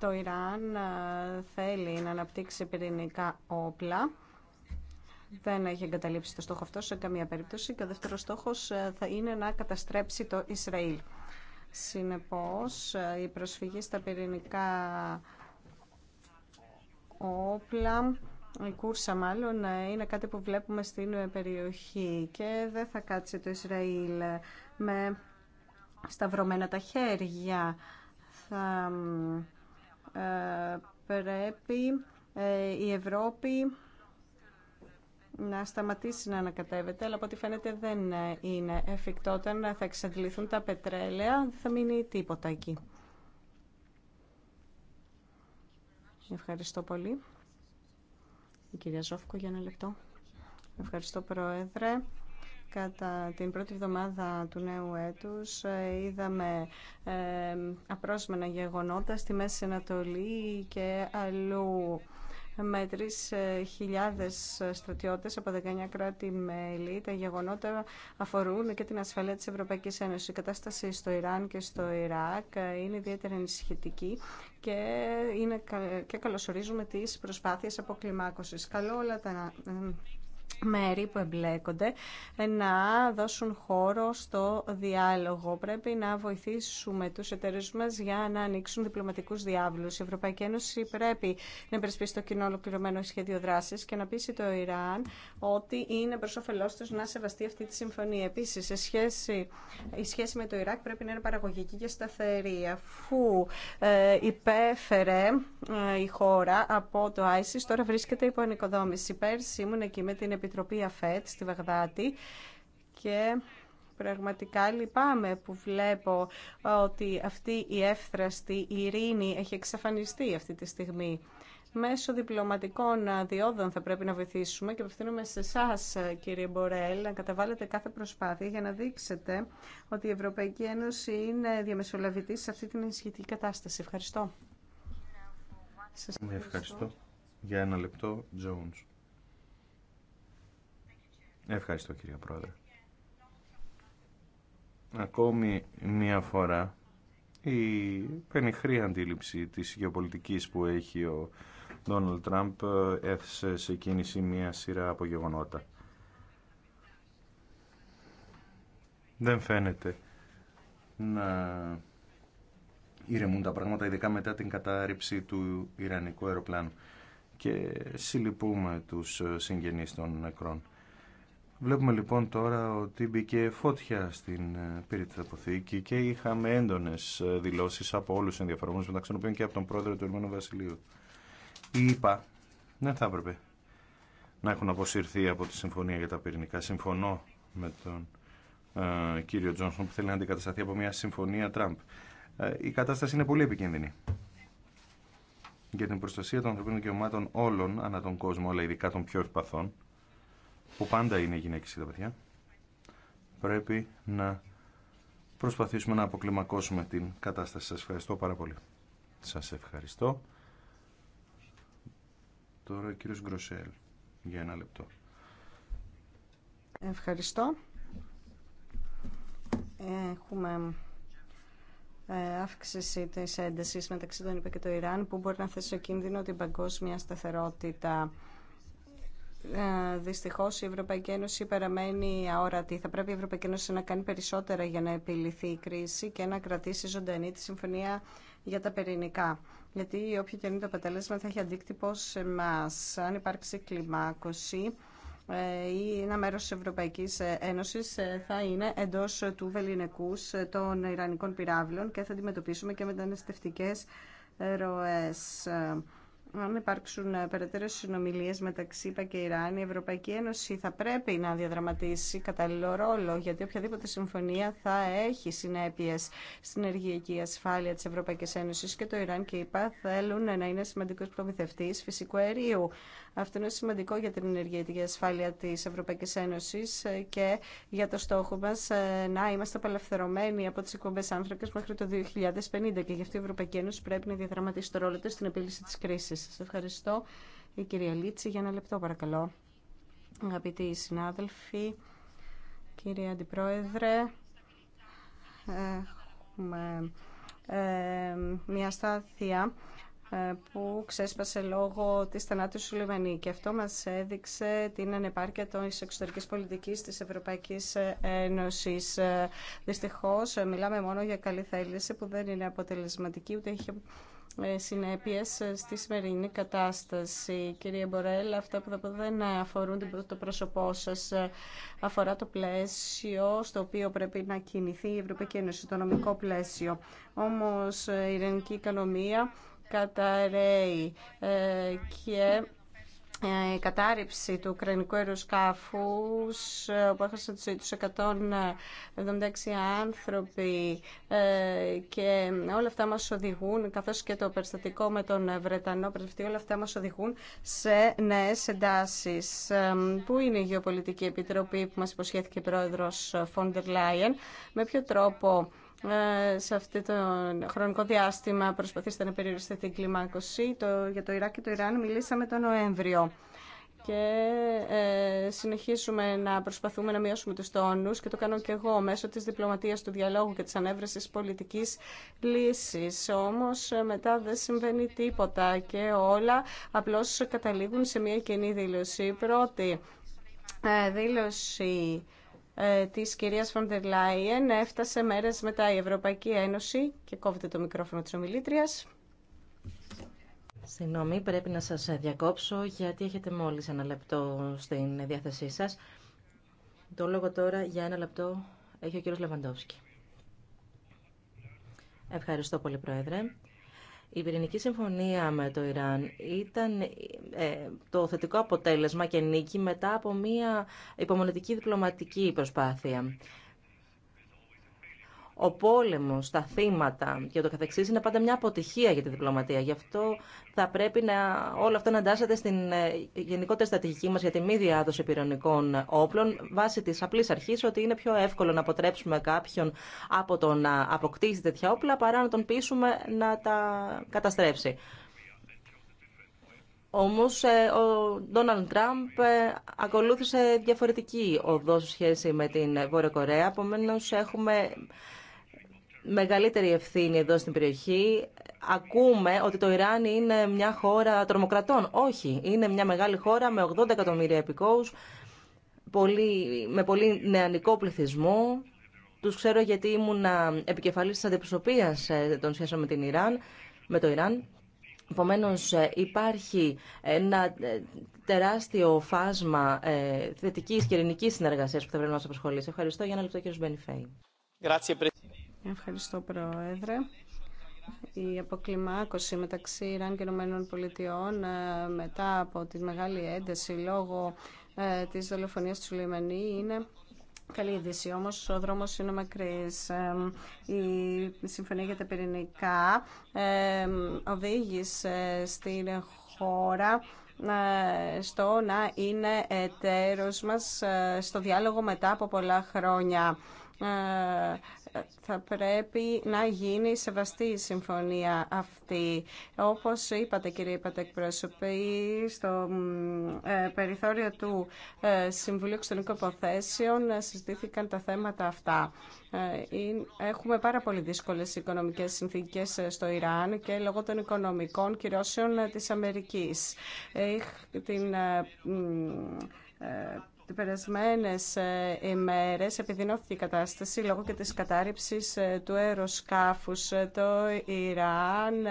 Το Ιράν θέλει να αναπτύξει πυρηνικά όπλα. Δεν έχει εγκαταλείψει το στόχο αυτό σε καμία περίπτωση και ο δεύτερος στόχος θα είναι να καταστρέψει το Ισραήλ. Συνεπώς, ε, η προσφυγή στα πυρηνικά όπλα, η κούρσα μάλλον, ε, είναι κάτι που βλέπουμε στην ε, περιοχή και δεν θα κάτσει το Ισραήλ με σταυρωμένα τα χέρια. Θα πρέπει η Ευρώπη να σταματήσει να ανακατεύεται, αλλά από ό,τι φαίνεται δεν είναι εφικτό. Όταν θα εξαντληθούν τα πετρέλαια, δεν θα μείνει τίποτα εκεί. Ευχαριστώ πολύ. Η κυρία Ζόφκο για ένα λεπτό. Ευχαριστώ, Πρόεδρε. Κατά την πρώτη εβδομάδα του νέου έτους ε, είδαμε ε, απρόσμενα γεγονότα στη Μέση Ανατολή και αλλού με 3.000 στρατιώτες από 19 κράτη-μέλη. Τα γεγονότα αφορούν και την ασφαλεία της Ευρωπαϊκής Ένωσης. Η κατάσταση στο Ιράν και στο Ιράκ είναι ιδιαίτερα ενισχυτική και, είναι, και καλωσορίζουμε τις προσπάθειες αποκλιμάκωσης. Καλό μέρη που εμπλέκονται να δώσουν χώρο στο διάλογο. Πρέπει να βοηθήσουμε του εταιρείε μα για να ανοίξουν διπλωματικού διάβλου. Η Ευρωπαϊκή Ένωση πρέπει να υπερασπίσει το κοινό ολοκληρωμένο σχέδιο δράση και να πείσει το Ιράν ότι είναι προ όφελό του να σεβαστεί αυτή τη συμφωνία. Επίση, η σχέση με το Ιράκ πρέπει να είναι παραγωγική και σταθερή. Αφού ε, υπέφερε ε, η χώρα από το ISIS, τώρα βρίσκεται υπό ανοικοδόμηση. Πέρσι ήμουν εκεί με την Επιτροπή ΑΦΕΤ στη Βαγδάτη και πραγματικά λυπάμαι που βλέπω ότι αυτή η εύθραστη ειρήνη έχει εξαφανιστεί αυτή τη στιγμή. Μέσω διπλωματικών διόδων θα πρέπει να βοηθήσουμε και απευθύνομαι σε εσά, κύριε Μπορέλ, να καταβάλλετε κάθε προσπάθεια για να δείξετε ότι η Ευρωπαϊκή Ένωση είναι διαμεσολαβητή σε αυτή την ενισχυτική κατάσταση. Ευχαριστώ. Σας ευχαριστώ. Για ένα λεπτό, Jones. Ευχαριστώ κύριε Πρόεδρε. Ακόμη μία φορά η πενιχρή αντίληψη της γεωπολιτικής που έχει ο Ντόναλτ Τραμπ ε, έθεσε σε κίνηση μία σειρά από γεγονότα. Δεν φαίνεται να ηρεμούν τα πράγματα, ειδικά μετά την κατάρριψη του Ιρανικού αεροπλάνου. Και συλληπούμε τους ε, συγγενείς των νεκρών. Βλέπουμε λοιπόν τώρα ότι μπήκε φώτια στην ε, τη αποθήκη και είχαμε έντονες ε, δηλώσεις από όλους τους ενδιαφερόμενους μεταξύ των οποίων και από τον πρόεδρο του Ηνωμένου Βασιλείου. Η ΙΠΑ δεν θα έπρεπε να έχουν αποσυρθεί από τη Συμφωνία για τα Πυρηνικά. Συμφωνώ με τον ε, κύριο Τζόνσον που θέλει να αντικατασταθεί από μια συμφωνία Τραμπ. Ε, η κατάσταση είναι πολύ επικίνδυνη για την προστασία των ανθρωπίνων δικαιωμάτων όλων ανά τον κόσμο, αλλά ειδικά των πιο ευπαθών, που πάντα είναι γυναίκες και τα παιδιά, πρέπει να προσπαθήσουμε να αποκλιμακώσουμε την κατάσταση. Σας ευχαριστώ πάρα πολύ. Σας ευχαριστώ. Τώρα ο κύριος Γκροσέλ για ένα λεπτό. Ευχαριστώ. Έχουμε ε, αύξηση της έντασης μεταξύ των ΗΠΑ και του Ιράν που μπορεί να θέσει σε κίνδυνο την παγκόσμια σταθερότητα. Ε, δυστυχώς η Ευρωπαϊκή Ένωση παραμένει αόρατη. Θα πρέπει η Ευρωπαϊκή Ένωση να κάνει περισσότερα για να επιληθεί η κρίση και να κρατήσει ζωντανή τη συμφωνία για τα πυρηνικά. Γιατί όποιο και είναι το αποτέλεσμα θα έχει αντίκτυπο σε εμά. Αν υπάρξει κλιμάκωση ε, ή ένα μέρος της Ευρωπαϊκής Ένωσης ε, θα είναι εντός του βεληνικούς των Ιρανικών πυράβλων και θα αντιμετωπίσουμε και μεταναστευτικές ροές αν υπάρξουν ε, περαιτέρω συνομιλίε μεταξύ ΙΠΑ και Ιράν, η Ευρωπαϊκή Ένωση θα πρέπει να διαδραματίσει κατάλληλο ρόλο, γιατί οποιαδήποτε συμφωνία θα έχει συνέπειε στην ενεργειακή ασφάλεια τη Ευρωπαϊκή Ένωση και το Ιράν και η ΕΠΑ θέλουν να είναι σημαντικό προμηθευτή φυσικού αερίου. Αυτό είναι σημαντικό για την ενεργειακή ασφάλεια της Ευρωπαϊκής Ένωσης ε, και για το στόχο μα ε, να είμαστε απελευθερωμένοι από τις εκπομπέ άνθρωποι μέχρι το 2050 και γι' αυτό η Ευρωπαϊκή Ένωση πρέπει να διαδραματίσει το ρόλο της στην επίλυση της κρίσης. Σας ευχαριστώ. Η κυρία Λίτση, για ένα λεπτό παρακαλώ. Αγαπητοί συνάδελφοι, κύριε Αντιπρόεδρε, ε, έχουμε μια στάθεια ε, που ξέσπασε λόγω της θανάτου του Και αυτό μας έδειξε την ανεπάρκεια της εξωτερικής πολιτικής της Ευρωπαϊκής ε, Ένωσης. Ε, δυστυχώς μιλάμε μόνο για καλή θέληση που δεν είναι αποτελεσματική ούτε έχει συνέπειες στη σημερινή κατάσταση. Κύριε Μπορέλ, αυτά που δεν αφορούν το πρόσωπό σας αφορά το πλαίσιο στο οποίο πρέπει να κινηθεί η Ευρωπαϊκή Ένωση, το νομικό πλαίσιο. Όμως η ειρηνική οικονομία καταραίει ε, και ε, η κατάρριψη του ουκρανικού αεροσκάφου ε, που έχασαν τη 176 άνθρωποι και όλα αυτά μας οδηγούν, καθώς και το περιστατικό με τον Βρετανό πρεσβευτή, όλα αυτά μας οδηγούν σε νέες εντάσεις. Πού είναι η Γεωπολιτική Επιτροπή που μας υποσχέθηκε η πρόεδρος Φόντερ Λάιεν, με ποιο τρόπο ε, σε αυτό το χρονικό διάστημα προσπαθήσατε να περιοριστείτε την κλιμάκωση. για το Ιράκ και το Ιράν μιλήσαμε τον Νοέμβριο και ε, συνεχίσουμε να προσπαθούμε να μειώσουμε τους τόνους και το κάνω και εγώ μέσω της διπλωματίας του διαλόγου και της ανέβρεσης πολιτικής λύσης. Όμως ε, μετά δεν συμβαίνει τίποτα και όλα απλώς καταλήγουν σε μια κοινή δήλωση. Πρώτη δήλωση ε, της κυρίας Φοντερ Λάιεν έφτασε μέρες μετά η Ευρωπαϊκή Ένωση και κόβεται το μικρόφωνο της ομιλήτριας. Συγγνώμη, πρέπει να σας διακόψω γιατί έχετε μόλις ένα λεπτό στην διάθεσή σας. Το λόγο τώρα για ένα λεπτό έχει ο κύριος Λεβαντόφσκι. Ευχαριστώ πολύ, Πρόεδρε. Η πυρηνική συμφωνία με το Ιράν ήταν ε, το θετικό αποτέλεσμα και νίκη μετά από μια υπομονετική διπλωματική προσπάθεια ο πόλεμο τα θύματα και το καθεξής είναι πάντα μια αποτυχία για τη διπλωματία. Γι' αυτό θα πρέπει να, όλο αυτό να εντάσσεται στην ε, γενικότερη στρατηγική μα για τη μη διάδοση πυρηνικών όπλων βάσει τη απλή αρχή ότι είναι πιο εύκολο να αποτρέψουμε κάποιον από το να αποκτήσει τέτοια όπλα παρά να τον πείσουμε να τα καταστρέψει. Όμω, ε, ο Ντόναλντ Τραμπ ε, ακολούθησε διαφορετική οδό σε σχέση με την Βόρεια Κορέα. Επομένω, έχουμε μεγαλύτερη ευθύνη εδώ στην περιοχή. Ακούμε ότι το Ιράν είναι μια χώρα τρομοκρατών. Όχι, είναι μια μεγάλη χώρα με 80 εκατομμύρια επικόους, πολύ, με πολύ νεανικό πληθυσμό. Τους ξέρω γιατί ήμουν επικεφαλής της αντιπροσωπείας ε, των σχέσεων με, την Ιράν, με το Ιράν. Επομένω, ε, υπάρχει ένα ε, τεράστιο φάσμα θετική και ειρηνική συνεργασία που θα πρέπει να μα απασχολήσει. Ευχαριστώ για ένα λεπτό, κύριο Μπενιφέη. Ευχαριστώ, Πρόεδρε. Η αποκλιμάκωση μεταξύ Ιράν και Ηνωμένων Πολιτειών ε, μετά από τη μεγάλη ένταση λόγω ε, της δολοφονίας του Σουλεϊμανή είναι Καλή είδηση, όμως ο δρόμος είναι μακρύς. Ε, η Συμφωνία για τα Πυρηνικά οδήγησε στην χώρα στο να είναι εταίρος μας στο διάλογο μετά από πολλά χρόνια θα πρέπει να γίνει σεβαστή η συμφωνία αυτή. Όπως είπατε κύριε είπατε εκπρόσωποι, στο ε, περιθώριο του ε, Συμβουλίου Εξωτερικών Υποθέσεων ε, συζητήθηκαν τα θέματα αυτά. Έχουμε πάρα πολύ δύσκολες οικονομικές συνθήκες στο Ιράν και λόγω των οικονομικών κυρώσεων της Αμερικής. Την τι περασμένε ε, ημέρες επιδεινώθηκε η κατάσταση λόγω και της κατάρριψη ε, του αεροσκάφου ε, Το Ιράν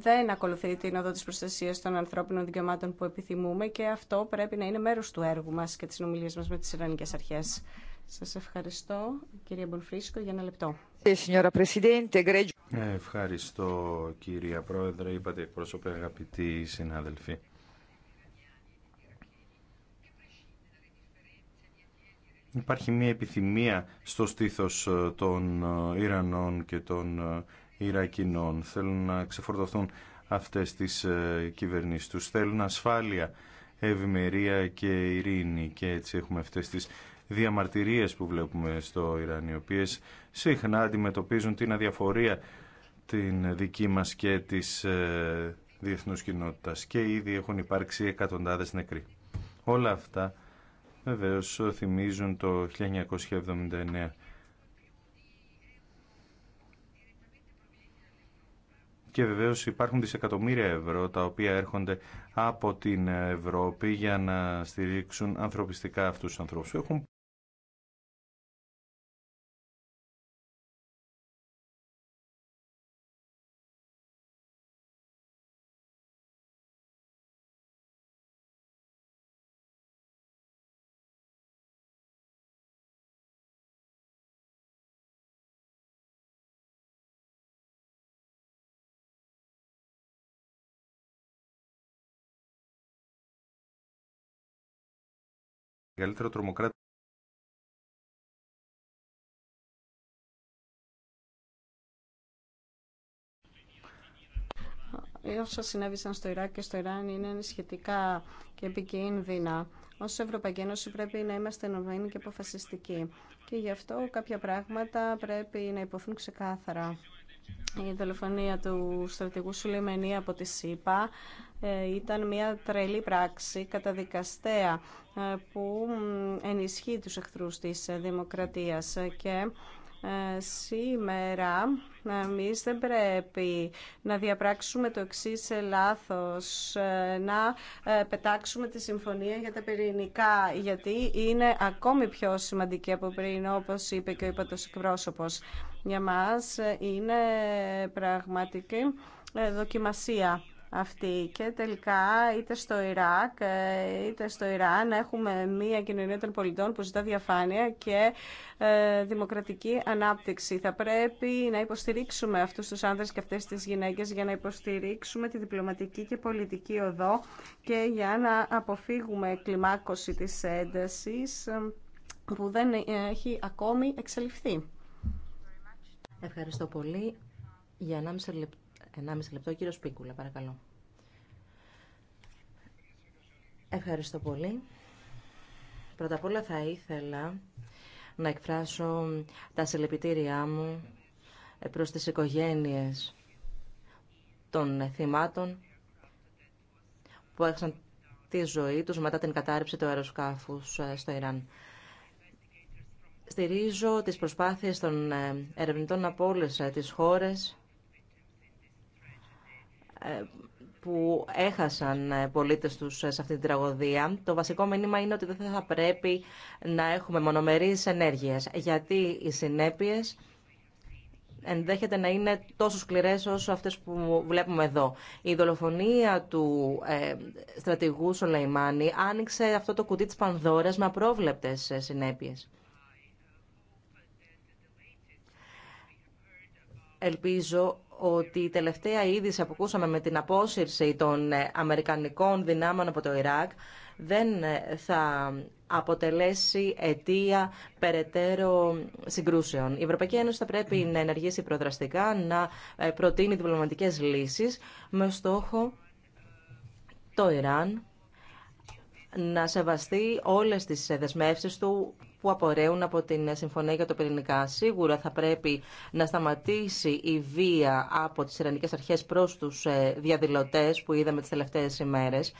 δεν ακολουθεί την οδό της προστασίας των ανθρώπινων δικαιωμάτων που επιθυμούμε και αυτό πρέπει να είναι μέρος του έργου μας και της συνομιλίας μας με τις Ιρανικές Αρχές. Σας ευχαριστώ, κυρία Μπονφρίσκο, για ένα λεπτό. Ευχαριστώ, κυρία Πρόεδρε. Είπατε εκπρόσωπε, αγαπητοί συνάδελφοι. Υπάρχει μια επιθυμία στο στήθος ε, των ε, Ιρανών και των ε, Ιρακινών. Θέλουν να ξεφορτωθούν αυτές τις κυβερνήσεις τους. Θέλουν ασφάλεια, ευημερία και ειρήνη. Και έτσι έχουμε αυτές τις διαμαρτυρίες που βλέπουμε στο Ιράν, οι οποίες συχνά αντιμετωπίζουν την αδιαφορία την δική μας και της διεθνούς κοινότητας. Και ήδη έχουν υπάρξει εκατοντάδες νεκροί. Όλα αυτά βεβαίως θυμίζουν το 1979. Και βεβαίως υπάρχουν δισεκατομμύρια ευρώ τα οποία έρχονται από την Ευρώπη για να στηρίξουν ανθρωπιστικά αυτούς τους ανθρώπους. Έχουν μεγαλύτερο τρομοκράτη ε, όσα συνέβησαν στο Ιράκ και στο Ιράν είναι σχετικά και επικίνδυνα. Ω Ευρωπαϊκή Ένωση πρέπει να είμαστε ενωμένοι και αποφασιστικοί. Και γι' αυτό κάποια πράγματα πρέπει να υποθούν ξεκάθαρα. Η δολοφονία του στρατηγού Σουλημενή από τη ΣΥΠΑ ε, ήταν μια τρελή πράξη δικαστέα ε, που ενισχύει τους εχθρούς της ε, δημοκρατίας και σήμερα εμεί δεν πρέπει να διαπράξουμε το εξή λάθος, να πετάξουμε τη συμφωνία για τα πυρηνικά, γιατί είναι ακόμη πιο σημαντική από πριν, όπως είπε και ο υπότος Για μας είναι πραγματική δοκιμασία αυτή. Και τελικά είτε στο Ιράκ ε, είτε στο Ιράν έχουμε μια κοινωνία των πολιτών που ζητά διαφάνεια και ε, δημοκρατική ανάπτυξη. Θα πρέπει να υποστηρίξουμε αυτούς τους άνδρες και αυτές τις γυναίκες για να υποστηρίξουμε τη διπλωματική και πολιτική οδό και για να αποφύγουμε κλιμάκωση της έντασης ε, που δεν έχει ακόμη εξελιχθεί. Ευχαριστώ πολύ. Για 1,5 λεπτό 1,5 λεπτό. Κύριο Σπίκουλα, παρακαλώ. Ευχαριστώ πολύ. Πρώτα απ' όλα θα ήθελα να εκφράσω τα συλληπιτήριά μου προς τις οικογένειες των θυμάτων που έχασαν τη ζωή τους μετά την κατάρρευση του αεροσκάφους ε, στο Ιράν. Στηρίζω τις προσπάθειες των ε, ερευνητών από όλες ε, τις χώρες που έχασαν ε, πολίτες τους ε, σε αυτή την τραγωδία. Το βασικό μήνυμα είναι ότι δεν θα πρέπει να έχουμε μονομερείς ενέργειες, γιατί οι συνέπειες ενδέχεται να είναι τόσο σκληρές όσο αυτές που βλέπουμε εδώ. Η δολοφονία του ε, στρατηγού Σολαϊμάνη άνοιξε αυτό το κουτί της Πανδώρας με απρόβλεπτες ε, συνέπειες. Ελπίζω ότι η τελευταία είδηση που ακούσαμε με την απόσυρση των ε, Αμερικανικών δυνάμεων από το Ιράκ δεν ε, θα αποτελέσει αιτία περαιτέρω συγκρούσεων. Η Ευρωπαϊκή Ένωση θα πρέπει να ενεργήσει προδραστικά, να ε, προτείνει διπλωματικές λύσεις με στόχο το Ιράν να σεβαστεί όλες τις δεσμεύσεις του που απορρέουν από την Συμφωνία για το Πυρηνικά. Σίγουρα θα πρέπει να σταματήσει η βία από τις Ιρανικές Αρχές προς τους ε, διαδηλωτές που είδαμε τις τελευταίες ημέρες.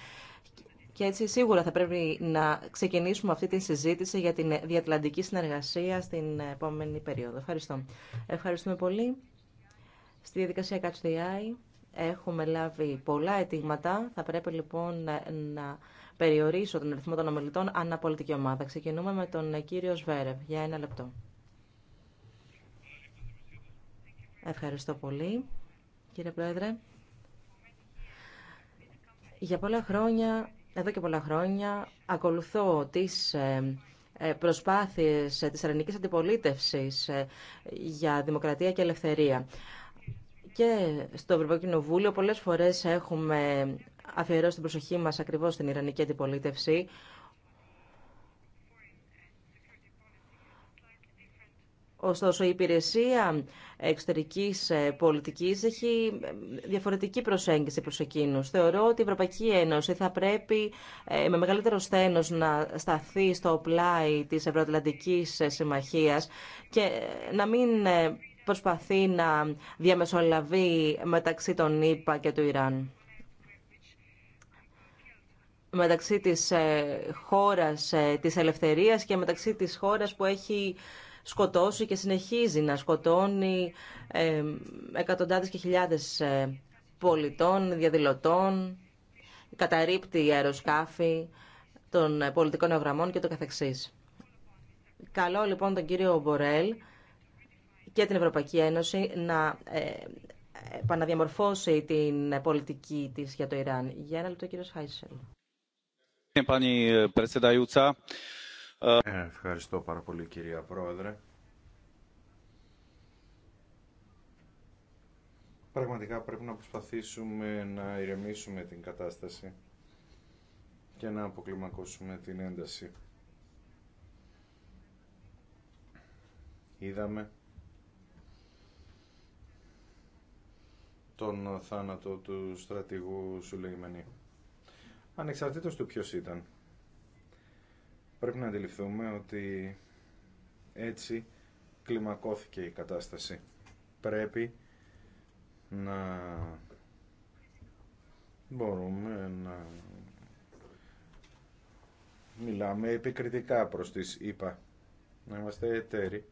Και έτσι σίγουρα θα πρέπει να ξεκινήσουμε αυτή τη συζήτηση για την διατλαντική συνεργασία στην επόμενη περίοδο. Ευχαριστώ. Ευχαριστούμε πολύ. Στη διαδικασία Catch έχουμε λάβει πολλά αιτήματα. Θα πρέπει λοιπόν να περιορίσω τον αριθμό των ομιλητών ανά πολιτική ομάδα. Ξεκινούμε με τον κύριο Σβέρευ για ένα λεπτό. Ευχαριστώ πολύ, κύριε Πρόεδρε. Για πολλά χρόνια, εδώ και πολλά χρόνια, ακολουθώ τις ε, ε, προσπάθειες της ελληνικής αντιπολίτευσης ε, για δημοκρατία και ελευθερία. Και στο Ευρωπαϊκό Κοινοβούλιο πολλές φορές έχουμε αφιερώσει την προσοχή μας ακριβώς στην Ιρανική αντιπολίτευση. Ωστόσο, η υπηρεσία εξωτερικής ε, πολιτικής έχει ε, διαφορετική προσέγγιση προς εκείνους. Θεωρώ ότι η Ευρωπαϊκή Ένωση θα πρέπει ε, με μεγαλύτερο στένος να σταθεί στο πλάι της Ευρωατλαντικής Συμμαχίας και να μην προσπαθεί να διαμεσολαβεί μεταξύ των ΗΠΑ και του Ιράν μεταξύ της ε, χώρας ε, της ελευθερίας και μεταξύ της χώρας που έχει σκοτώσει και συνεχίζει να σκοτώνει ε, εκατοντάδες και χιλιάδες πολιτών, διαδηλωτών, καταρρύπτει αεροσκάφη των πολιτικών ευραμών και το καθεξής. Καλό λοιπόν τον κύριο Μπορέλ και την Ευρωπαϊκή Ένωση να επαναδιαμορφώσει την πολιτική της για το Ιράν. Για ένα λεπτό κύριο E, ε, ευχαριστώ πάρα πολύ κυρία Πρόεδρε. Πραγματικά πρέπει να προσπαθήσουμε να ηρεμήσουμε την κατάσταση και να αποκλιμακώσουμε την ένταση. Είδαμε τον θάνατο του στρατηγού Σουλεϊμανίου ανεξαρτήτως του ποιος ήταν. Πρέπει να αντιληφθούμε ότι έτσι κλιμακώθηκε η κατάσταση. Πρέπει να μπορούμε να μιλάμε επικριτικά προς τις ΗΠΑ. Να είμαστε εταίροι.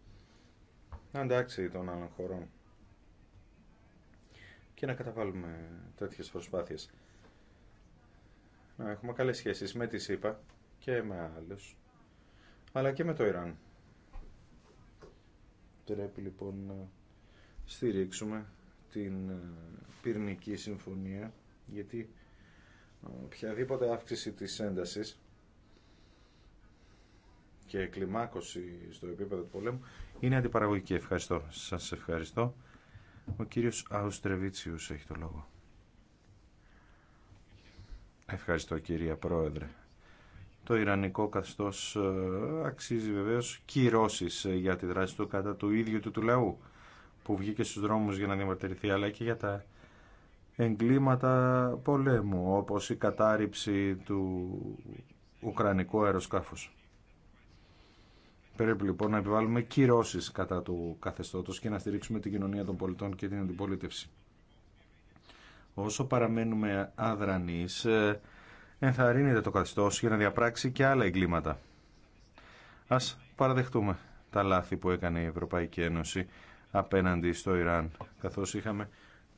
Αντάξει των άλλων χωρών. Και να καταβάλουμε τέτοιες προσπάθειες έχουμε καλές σχέσεις με τη ΣΥΠΑ και με άλλους, αλλά και με το Ιράν. Πρέπει λοιπόν να στηρίξουμε την ε, πυρνική συμφωνία, γιατί ε, οποιαδήποτε αύξηση της έντασης και κλιμάκωση στο επίπεδο του πολέμου είναι αντιπαραγωγική. Ευχαριστώ. Σας ευχαριστώ. Ο κύριος Αουστρεβίτσιους έχει το λόγο. Ευχαριστώ κυρία Πρόεδρε. Το Ιρανικό καθεστώς ε, αξίζει βεβαίως κυρώσεις ε, για τη δράση του κατά του ίδιου του του λαού που βγήκε στους δρόμους για να διαμαρτυρηθεί αλλά και για τα εγκλήματα πολέμου όπως η κατάρριψη του Ουκρανικού αεροσκάφους. Πρέπει λοιπόν να επιβάλλουμε κυρώσεις κατά του καθεστώτος και να στηρίξουμε την κοινωνία των πολιτών και την αντιπολίτευση. Όσο παραμένουμε αδρανείς, ε, ενθαρρύνεται το καθεστώς για να διαπράξει και άλλα εγκλήματα. Ας παραδεχτούμε τα λάθη που έκανε η Ευρωπαϊκή Ένωση απέναντι στο Ιράν, καθώς είχαμε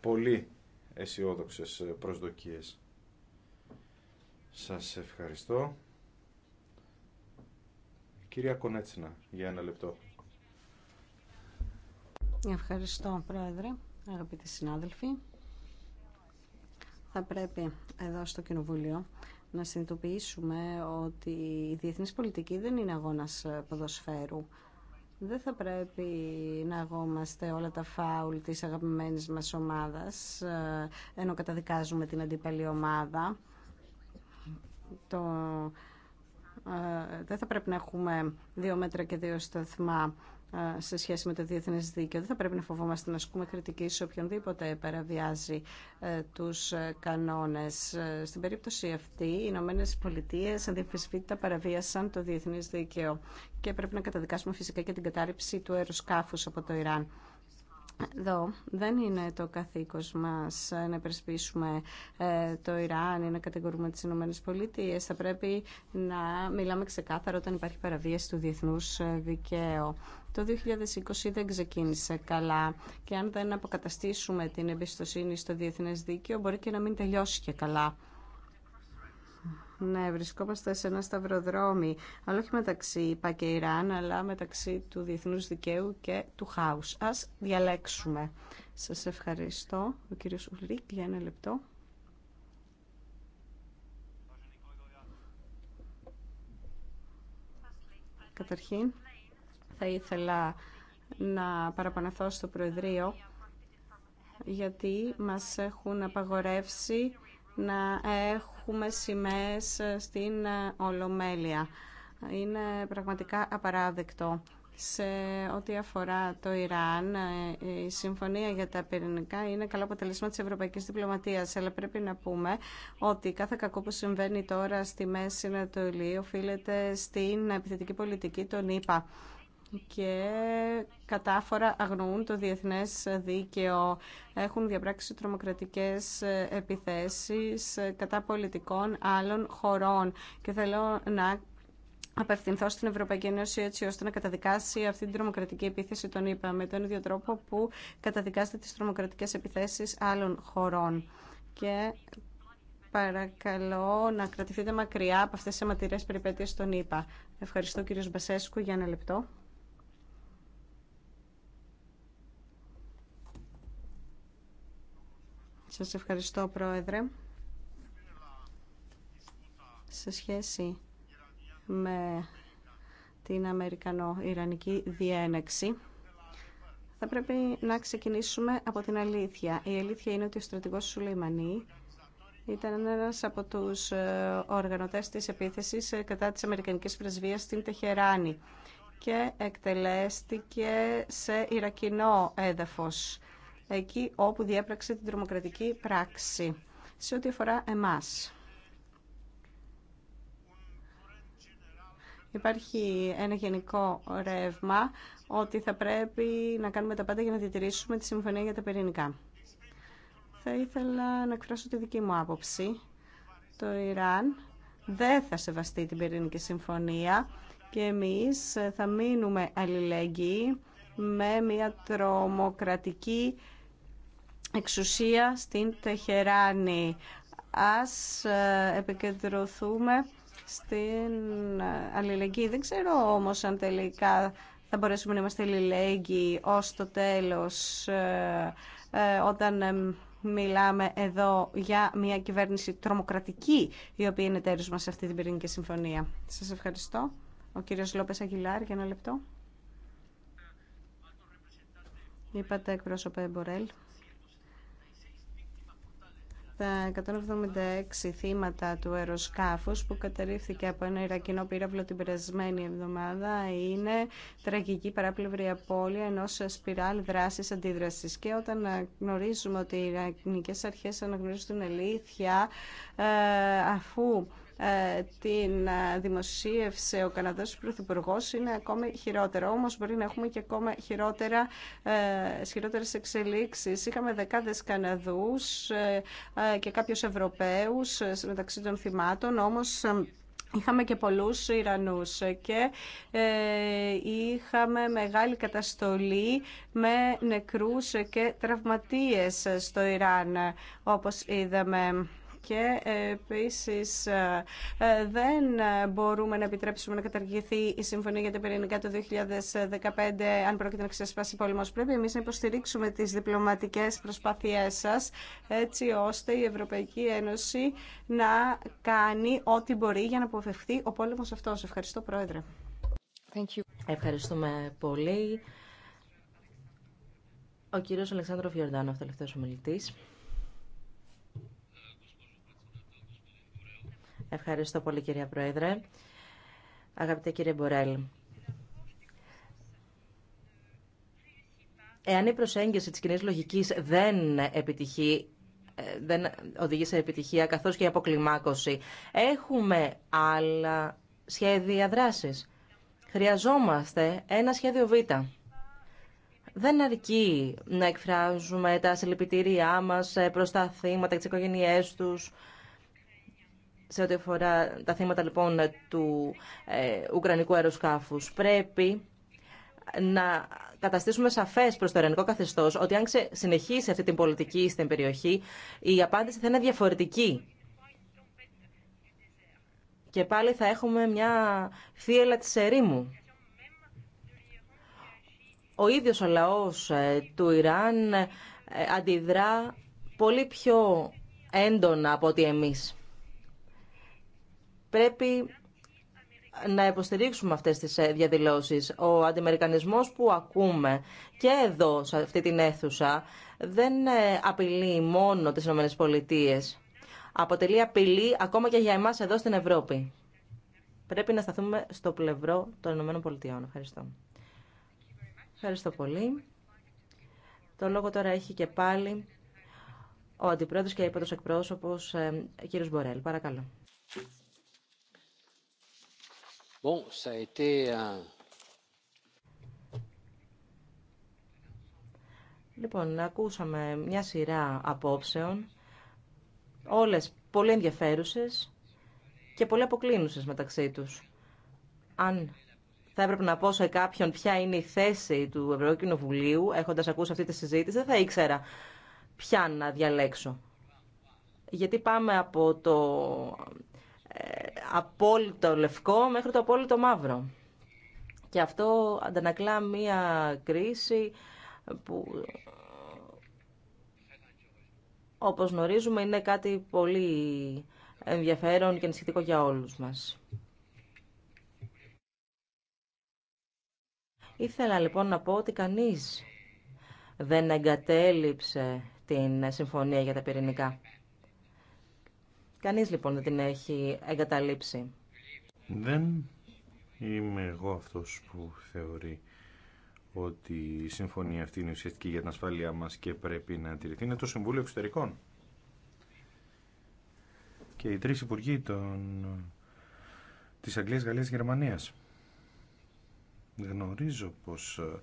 πολύ αισιόδοξε προσδοκίες. Σας ευχαριστώ. Κυρία Κονέτσινα, για ένα λεπτό. Ευχαριστώ, Πρόεδρε, αγαπητοί συνάδελφοι θα πρέπει εδώ στο Κοινοβούλιο να συνειδητοποιήσουμε ότι η διεθνής πολιτική δεν είναι αγώνας ποδοσφαίρου. Δεν θα πρέπει να αγώμαστε όλα τα φάουλ της αγαπημένης μας ομάδας, ε, ενώ καταδικάζουμε την αντίπαλη ομάδα. Το... Ε, δεν θα πρέπει να έχουμε δύο μέτρα και δύο σταθμά σε σχέση με το διεθνέ δίκαιο. Δεν θα πρέπει να φοβόμαστε να ασκούμε κριτική σε οποιονδήποτε παραβιάζει ε, του ε, κανόνε. Ε, στην περίπτωση αυτή, οι Ηνωμένε Πολιτείε αντιμφισβήτητα παραβίασαν το διεθνέ δίκαιο και πρέπει να καταδικάσουμε φυσικά και την κατάρριψη του αεροσκάφου από το Ιράν εδώ δεν είναι το καθήκος μας να υπερασπίσουμε ε, το Ιράν ή να κατηγορούμε τι Ηνωμένες Θα πρέπει να μιλάμε ξεκάθαρα όταν υπάρχει παραβίαση του διεθνούς ε, δικαίου. Το 2020 δεν ξεκίνησε καλά και αν δεν αποκαταστήσουμε την εμπιστοσύνη στο διεθνές δίκαιο μπορεί και να μην τελειώσει και καλά. Ναι, βρισκόμαστε σε ένα σταυροδρόμι, αλλά όχι μεταξύ ΙΠΑ και Ιράν, αλλά μεταξύ του διεθνούς δικαίου και του χάους. Ας διαλέξουμε. Σας ευχαριστώ, ο κύριος Ουλρίκ, για ένα λεπτό. Καταρχήν, θα ήθελα να παραπονεθώ στο Προεδρείο, γιατί μας έχουν απαγορεύσει να έχουμε σημαίες στην Ολομέλεια. Είναι πραγματικά απαράδεκτο. Σε ό,τι αφορά το Ιράν, η συμφωνία για τα πυρηνικά είναι καλό αποτελέσμα της ευρωπαϊκής διπλωματίας, αλλά πρέπει να πούμε ότι κάθε κακό που συμβαίνει τώρα στη Μέση Ανατολή οφείλεται στην επιθετική πολιτική των ΗΠΑ και κατάφορα αγνοούν το διεθνές δίκαιο. Έχουν διαπράξει τρομοκρατικές επιθέσεις κατά πολιτικών άλλων χωρών. Και θέλω να απευθυνθώ στην Ευρωπαϊκή Ένωση έτσι ώστε να καταδικάσει αυτή την τρομοκρατική επίθεση, τον είπα, με τον ίδιο τρόπο που καταδικάζεται τις τρομοκρατικές επιθέσεις άλλων χωρών. Και παρακαλώ να κρατηθείτε μακριά από αυτές τις αιματηρές περιπέτειες στον ΗΠΑ. Ευχαριστώ κύριος Μπασέσκου για ένα λεπτό. Σας ευχαριστώ, Πρόεδρε. Σε σχέση με την Αμερικανο-Ιρανική διένεξη, θα πρέπει να ξεκινήσουμε από την αλήθεια. Η αλήθεια είναι ότι ο στρατηγός Σουλεϊμανή ήταν ένας από τους ε, οργανωτές της επίθεσης ε, κατά της Αμερικανικής Πρεσβείας στην Τεχεράνη και εκτελέστηκε σε Ιρακινό έδαφος εκεί όπου διέπραξε την τρομοκρατική πράξη. Σε ό,τι αφορά εμάς. Υπάρχει ένα γενικό ρεύμα ότι θα πρέπει να κάνουμε τα πάντα για να διατηρήσουμε τη Συμφωνία για τα Πυρηνικά. Θα ήθελα να εκφράσω τη δική μου άποψη. Το Ιράν δεν θα σεβαστεί την Πυρηνική Συμφωνία και εμείς θα μείνουμε αλληλέγγυοι με μια τρομοκρατική εξουσία στην Τεχεράνη. Ας ε, επικεντρωθούμε στην ε, αλληλεγγύη. Δεν ξέρω όμως αν τελικά θα μπορέσουμε να είμαστε αλληλέγγυοι ως το τέλος ε, όταν μιλάμε εδώ για μια κυβέρνηση τρομοκρατική η οποία είναι τέρους μας σε αυτή την πυρηνική συμφωνία. Σας ευχαριστώ. Ο κύριος Λόπες Αγγιλάρ για ένα λεπτό. Είπατε εκπρόσωπε Μπορέλ τα 176 θύματα του αεροσκάφους που καταρρίφθηκε από ένα Ιρακινό πύραυλο την περασμένη εβδομάδα είναι τραγική παράπλευρη απώλεια ενό σπιράλ δράσης αντίδρασης. Και όταν γνωρίζουμε ότι οι Ιρακινικές αρχές αναγνωρίζουν την αλήθεια, ε, αφού ε, την ε, δημοσίευσε ο Καναδός Πρωθυπουργό είναι ακόμη χειρότερο. Όμως μπορεί να έχουμε και ακόμα χειρότερα, ε, χειρότερες εξελίξεις. Είχαμε δεκάδες Καναδούς και κάποιους Ευρωπαίους μεταξύ των θυμάτων, όμως Είχαμε και πολλούς Ιρανούς και είχαμε μεγάλη καταστολή με νεκρούς και τραυματίες στο Ιράν, όπως είδαμε και ε, επίσης ε, ε, δεν μπορούμε να επιτρέψουμε να καταργηθεί η Συμφωνία για την Πυρηνικά το 2015 αν πρόκειται να ξεσπάσει πόλεμος. Πρέπει εμείς να υποστηρίξουμε τις διπλωματικές προσπάθειές σας έτσι ώστε η Ευρωπαϊκή Ένωση να κάνει ό,τι μπορεί για να αποφευχθεί ο πόλεμος αυτός. Ευχαριστώ Πρόεδρε. Ευχαριστούμε πολύ. Ο κύριος Αλεξάνδρος Φιωρδάνο, τελευταίος ομιλητής. Ευχαριστώ πολύ κυρία Πρόεδρε. Αγαπητέ κύριε Μπορέλ. Εάν η προσέγγιση της κοινή λογικής δεν επιτυχεί, ε, δεν οδηγεί σε επιτυχία, καθώς και η αποκλιμάκωση, έχουμε άλλα σχέδια δράσης. Χρειαζόμαστε ένα σχέδιο Β. Δεν αρκεί να εκφράζουμε τα συλληπιτήριά μας ε, προς τα θύματα και τις οικογένειές τους, σε ό,τι αφορά τα θύματα λοιπόν του ε, Ουκρανικού αεροσκάφους. Πρέπει να καταστήσουμε σαφέ προ το ελληνικό καθεστώ ότι αν συνεχίσει αυτή την πολιτική στην περιοχή, η απάντηση θα είναι διαφορετική. Και πάλι θα έχουμε μια θύελα της ερήμου. Ο ίδιος ο λαός ε, του Ιράν ε, αντιδρά πολύ πιο έντονα από ότι εμείς πρέπει να υποστηρίξουμε αυτές τις ε, διαδηλώσεις. Ο αντιμερικανισμός που ακούμε και εδώ, σε αυτή την αίθουσα, δεν ε, απειλεί μόνο τις ΗΠΑ. Αποτελεί απειλή ακόμα και για εμάς εδώ στην Ευρώπη. Πρέπει να σταθούμε στο πλευρό των ΗΠΑ. Ευχαριστώ. Ευχαριστώ πολύ. Το λόγο τώρα έχει και πάλι ο Αντιπρόεδρος και υπότος εκπρόσωπος, ε, κύριος Μπορέλ. Παρακαλώ. Λοιπόν, ακούσαμε μια σειρά απόψεων, όλες πολύ ενδιαφέρουσες και πολύ αποκλίνουσες μεταξύ τους. Αν θα έπρεπε να πω σε κάποιον ποια είναι η θέση του Ευρωπαϊκού Κοινοβουλίου, έχοντας ακούσει αυτή τη συζήτηση, δεν θα ήξερα ποια να διαλέξω. Γιατί πάμε από το ε, απόλυτο λευκό μέχρι το απόλυτο μαύρο. Και αυτό αντανακλά μία κρίση που όπως γνωρίζουμε είναι κάτι πολύ ενδιαφέρον και ενισχυτικό για όλους μας. Ήθελα λοιπόν να πω ότι κανείς δεν εγκατέλειψε την συμφωνία για τα πυρηνικά. Κανείς λοιπόν δεν την έχει εγκαταλείψει. Δεν είμαι εγώ αυτός που θεωρεί ότι η συμφωνία αυτή είναι ουσιαστική για την ασφάλειά μας και πρέπει να τηρηθεί. Είναι το Συμβούλιο Εξωτερικών. Και οι τρεις υπουργοί των... της Αγγλίας, Γαλλίας και Γερμανίας. Γνωρίζω πως ε,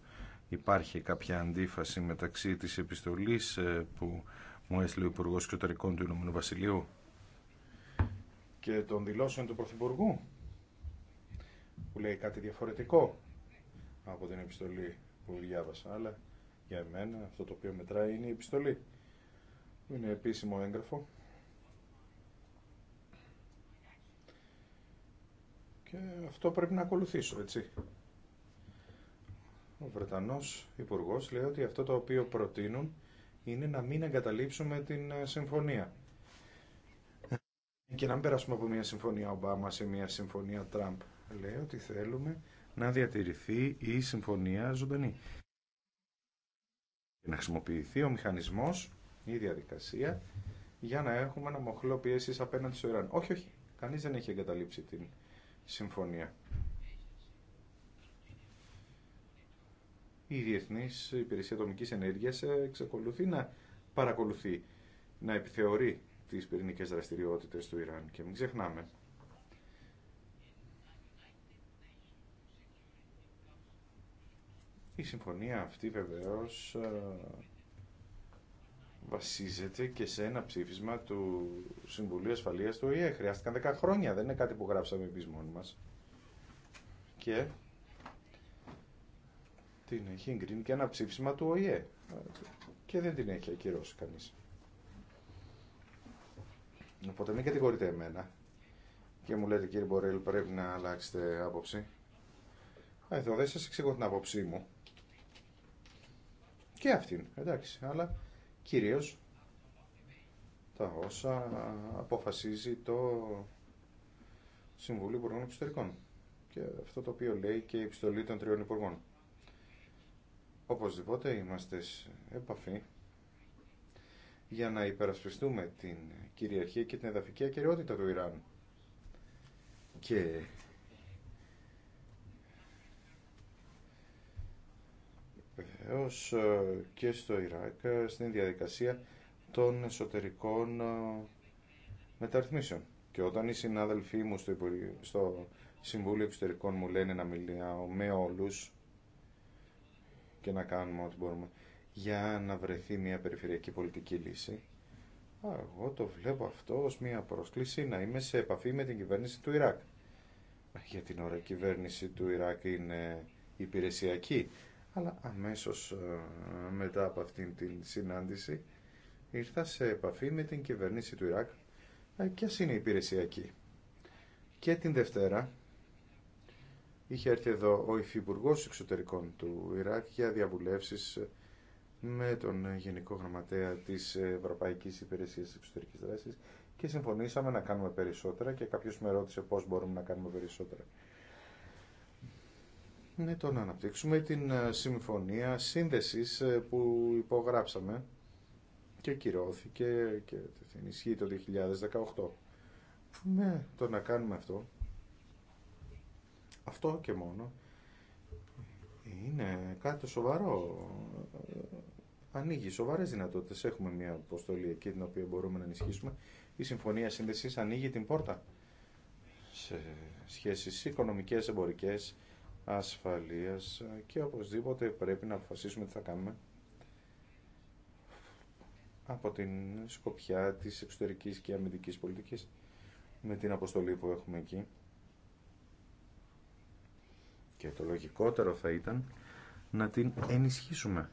υπάρχει κάποια αντίφαση μεταξύ της επιστολής ε, που μου έστειλε ο Υπουργός Εξωτερικών του Ηνωμένου Βασιλείου και των δηλώσεων του Πρωθυπουργού που λέει κάτι διαφορετικό από την επιστολή που διάβασα, αλλά για εμένα αυτό το οποίο μετράει είναι η επιστολή που είναι επίσημο έγγραφο και αυτό πρέπει να ακολουθήσω, έτσι. Ο Βρετανός Υπουργός λέει ότι αυτό το οποίο προτείνουν είναι να μην εγκαταλείψουμε την ε, συμφωνία. Και να μην περάσουμε από μια συμφωνία Ομπάμα σε μια συμφωνία Τραμπ. Λέει ότι θέλουμε να διατηρηθεί η συμφωνία ζωντανή. να χρησιμοποιηθεί ο μηχανισμός, η διαδικασία, για να έχουμε ένα μοχλό πιέσει απέναντι στο Ιράν. Όχι, όχι. Κανείς δεν έχει εγκαταλείψει την συμφωνία. Η διεθνή Υπηρεσία Ατομική ενέργεια εξακολουθεί να παρακολουθεί, να επιθεωρεί τις πυρηνικές δραστηριότητες του Ιράν. Και μην ξεχνάμε Η συμφωνία αυτή βεβαίως ε, βασίζεται και σε ένα ψήφισμα του Συμβουλίου Ασφαλείας του ΟΗΕ. Χρειάστηκαν 10 χρόνια, δεν είναι κάτι που γράψαμε εμείς μόνοι μας. Και την έχει εγκρίνει και ένα ψήφισμα του ΟΗΕ. Ε, και δεν την έχει ακυρώσει κανείς. Οπότε μην κατηγορείτε εμένα και μου λέτε κύριε Μπορέλ πρέπει να αλλάξετε άποψη. Εδώ δεν σας εξηγώ την άποψή μου. Και αυτήν, εντάξει, αλλά κυρίως τα όσα αποφασίζει το Συμβούλιο Υπουργών Εξωτερικών και αυτό το οποίο λέει και η επιστολή των τριών υπουργών. Οπωσδήποτε είμαστε σε επαφή για να υπερασπιστούμε την κυριαρχία και την εδαφική ακεραιότητα του Ιράν. Και βεβαίως ε, και στο Ιράκ ε, στην διαδικασία των εσωτερικών ε, μεταρρυθμίσεων. Και όταν οι συνάδελφοί μου στο, στο Συμβούλιο Εξωτερικών μου λένε να μιλάω με όλους και να κάνουμε ό,τι μπορούμε για να βρεθεί μια περιφερειακή πολιτική λύση. εγώ το βλέπω αυτό ως μια πρόσκληση να είμαι σε επαφή με την κυβέρνηση του Ιράκ. Για την ώρα η κυβέρνηση του Ιράκ είναι υπηρεσιακή, αλλά αμέσως ε, μετά από αυτήν την συνάντηση ήρθα σε επαφή με την κυβέρνηση του Ιράκ ε, και ας είναι υπηρεσιακή. Και την Δευτέρα είχε έρθει εδώ ο Υφυπουργός Εξωτερικών του Ιράκ για διαβουλεύσεις με τον Γενικό Γραμματέα της Ευρωπαϊκής Υπηρεσίας Εξωτερικής Δράσης και συμφωνήσαμε να κάνουμε περισσότερα και κάποιος με ρώτησε πώς μπορούμε να κάνουμε περισσότερα. Ναι, το να αναπτύξουμε την ε, συμφωνία σύνδεσης ε, που υπογράψαμε και κυρώθηκε και ενισχύει το 2018. Ναι, το να κάνουμε αυτό, αυτό και μόνο, είναι κάτι σοβαρό ανοίγει σοβαρέ δυνατότητε. Έχουμε μια αποστολή εκεί την οποία μπορούμε να ενισχύσουμε. Η συμφωνία σύνδεση ανοίγει την πόρτα σε σχέσει οικονομικέ, εμπορικέ, ασφαλεία και οπωσδήποτε πρέπει να αποφασίσουμε τι θα κάνουμε από την σκοπιά της εξωτερικής και αμυντικής πολιτικής με την αποστολή που έχουμε εκεί. Και το λογικότερο θα ήταν να την ενισχύσουμε.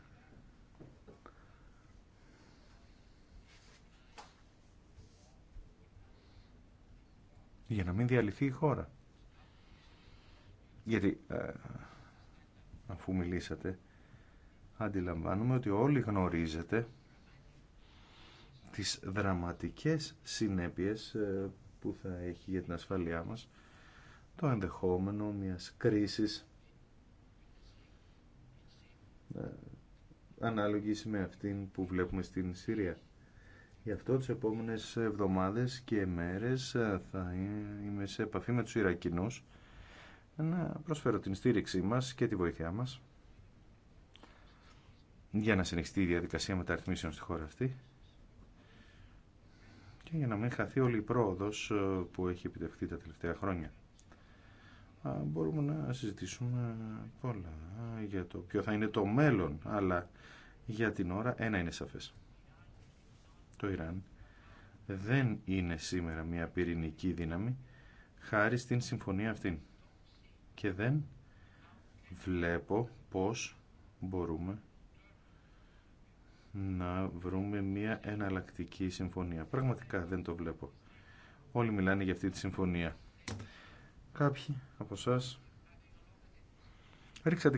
για να μην διαλυθεί η χώρα. Γιατί ε, αφού μιλήσατε αντιλαμβάνουμε ότι όλοι γνωρίζετε τις δραματικές συνέπειες ε, που θα έχει για την ασφαλειά μας το ενδεχόμενο μιας κρίσης ε, ανάλογης με αυτήν που βλέπουμε στην Συρία. Γι' αυτό τις επόμενες εβδομάδες και μέρες ε, θα είμαι σε επαφή με τους Ιρακινούς να προσφέρω την στήριξή μας και τη βοήθειά μας για να συνεχιστεί η διαδικασία μεταρρυθμίσεων στη χώρα αυτή και για να μην χαθεί όλη η πρόοδος ε, που έχει επιτευχθεί τα τελευταία χρόνια. Μπορούμε να συζητήσουμε πολλά για το ποιο θα είναι το μέλλον, αλλά για την ώρα ένα είναι σαφές το Ιράν δεν είναι σήμερα μια πυρηνική δύναμη χάρη στην συμφωνία αυτή. Και δεν βλέπω πώς μπορούμε να βρούμε μια εναλλακτική συμφωνία. Πραγματικά δεν το βλέπω. Όλοι μιλάνε για αυτή τη συμφωνία. Κάποιοι από εσά ρίξατε και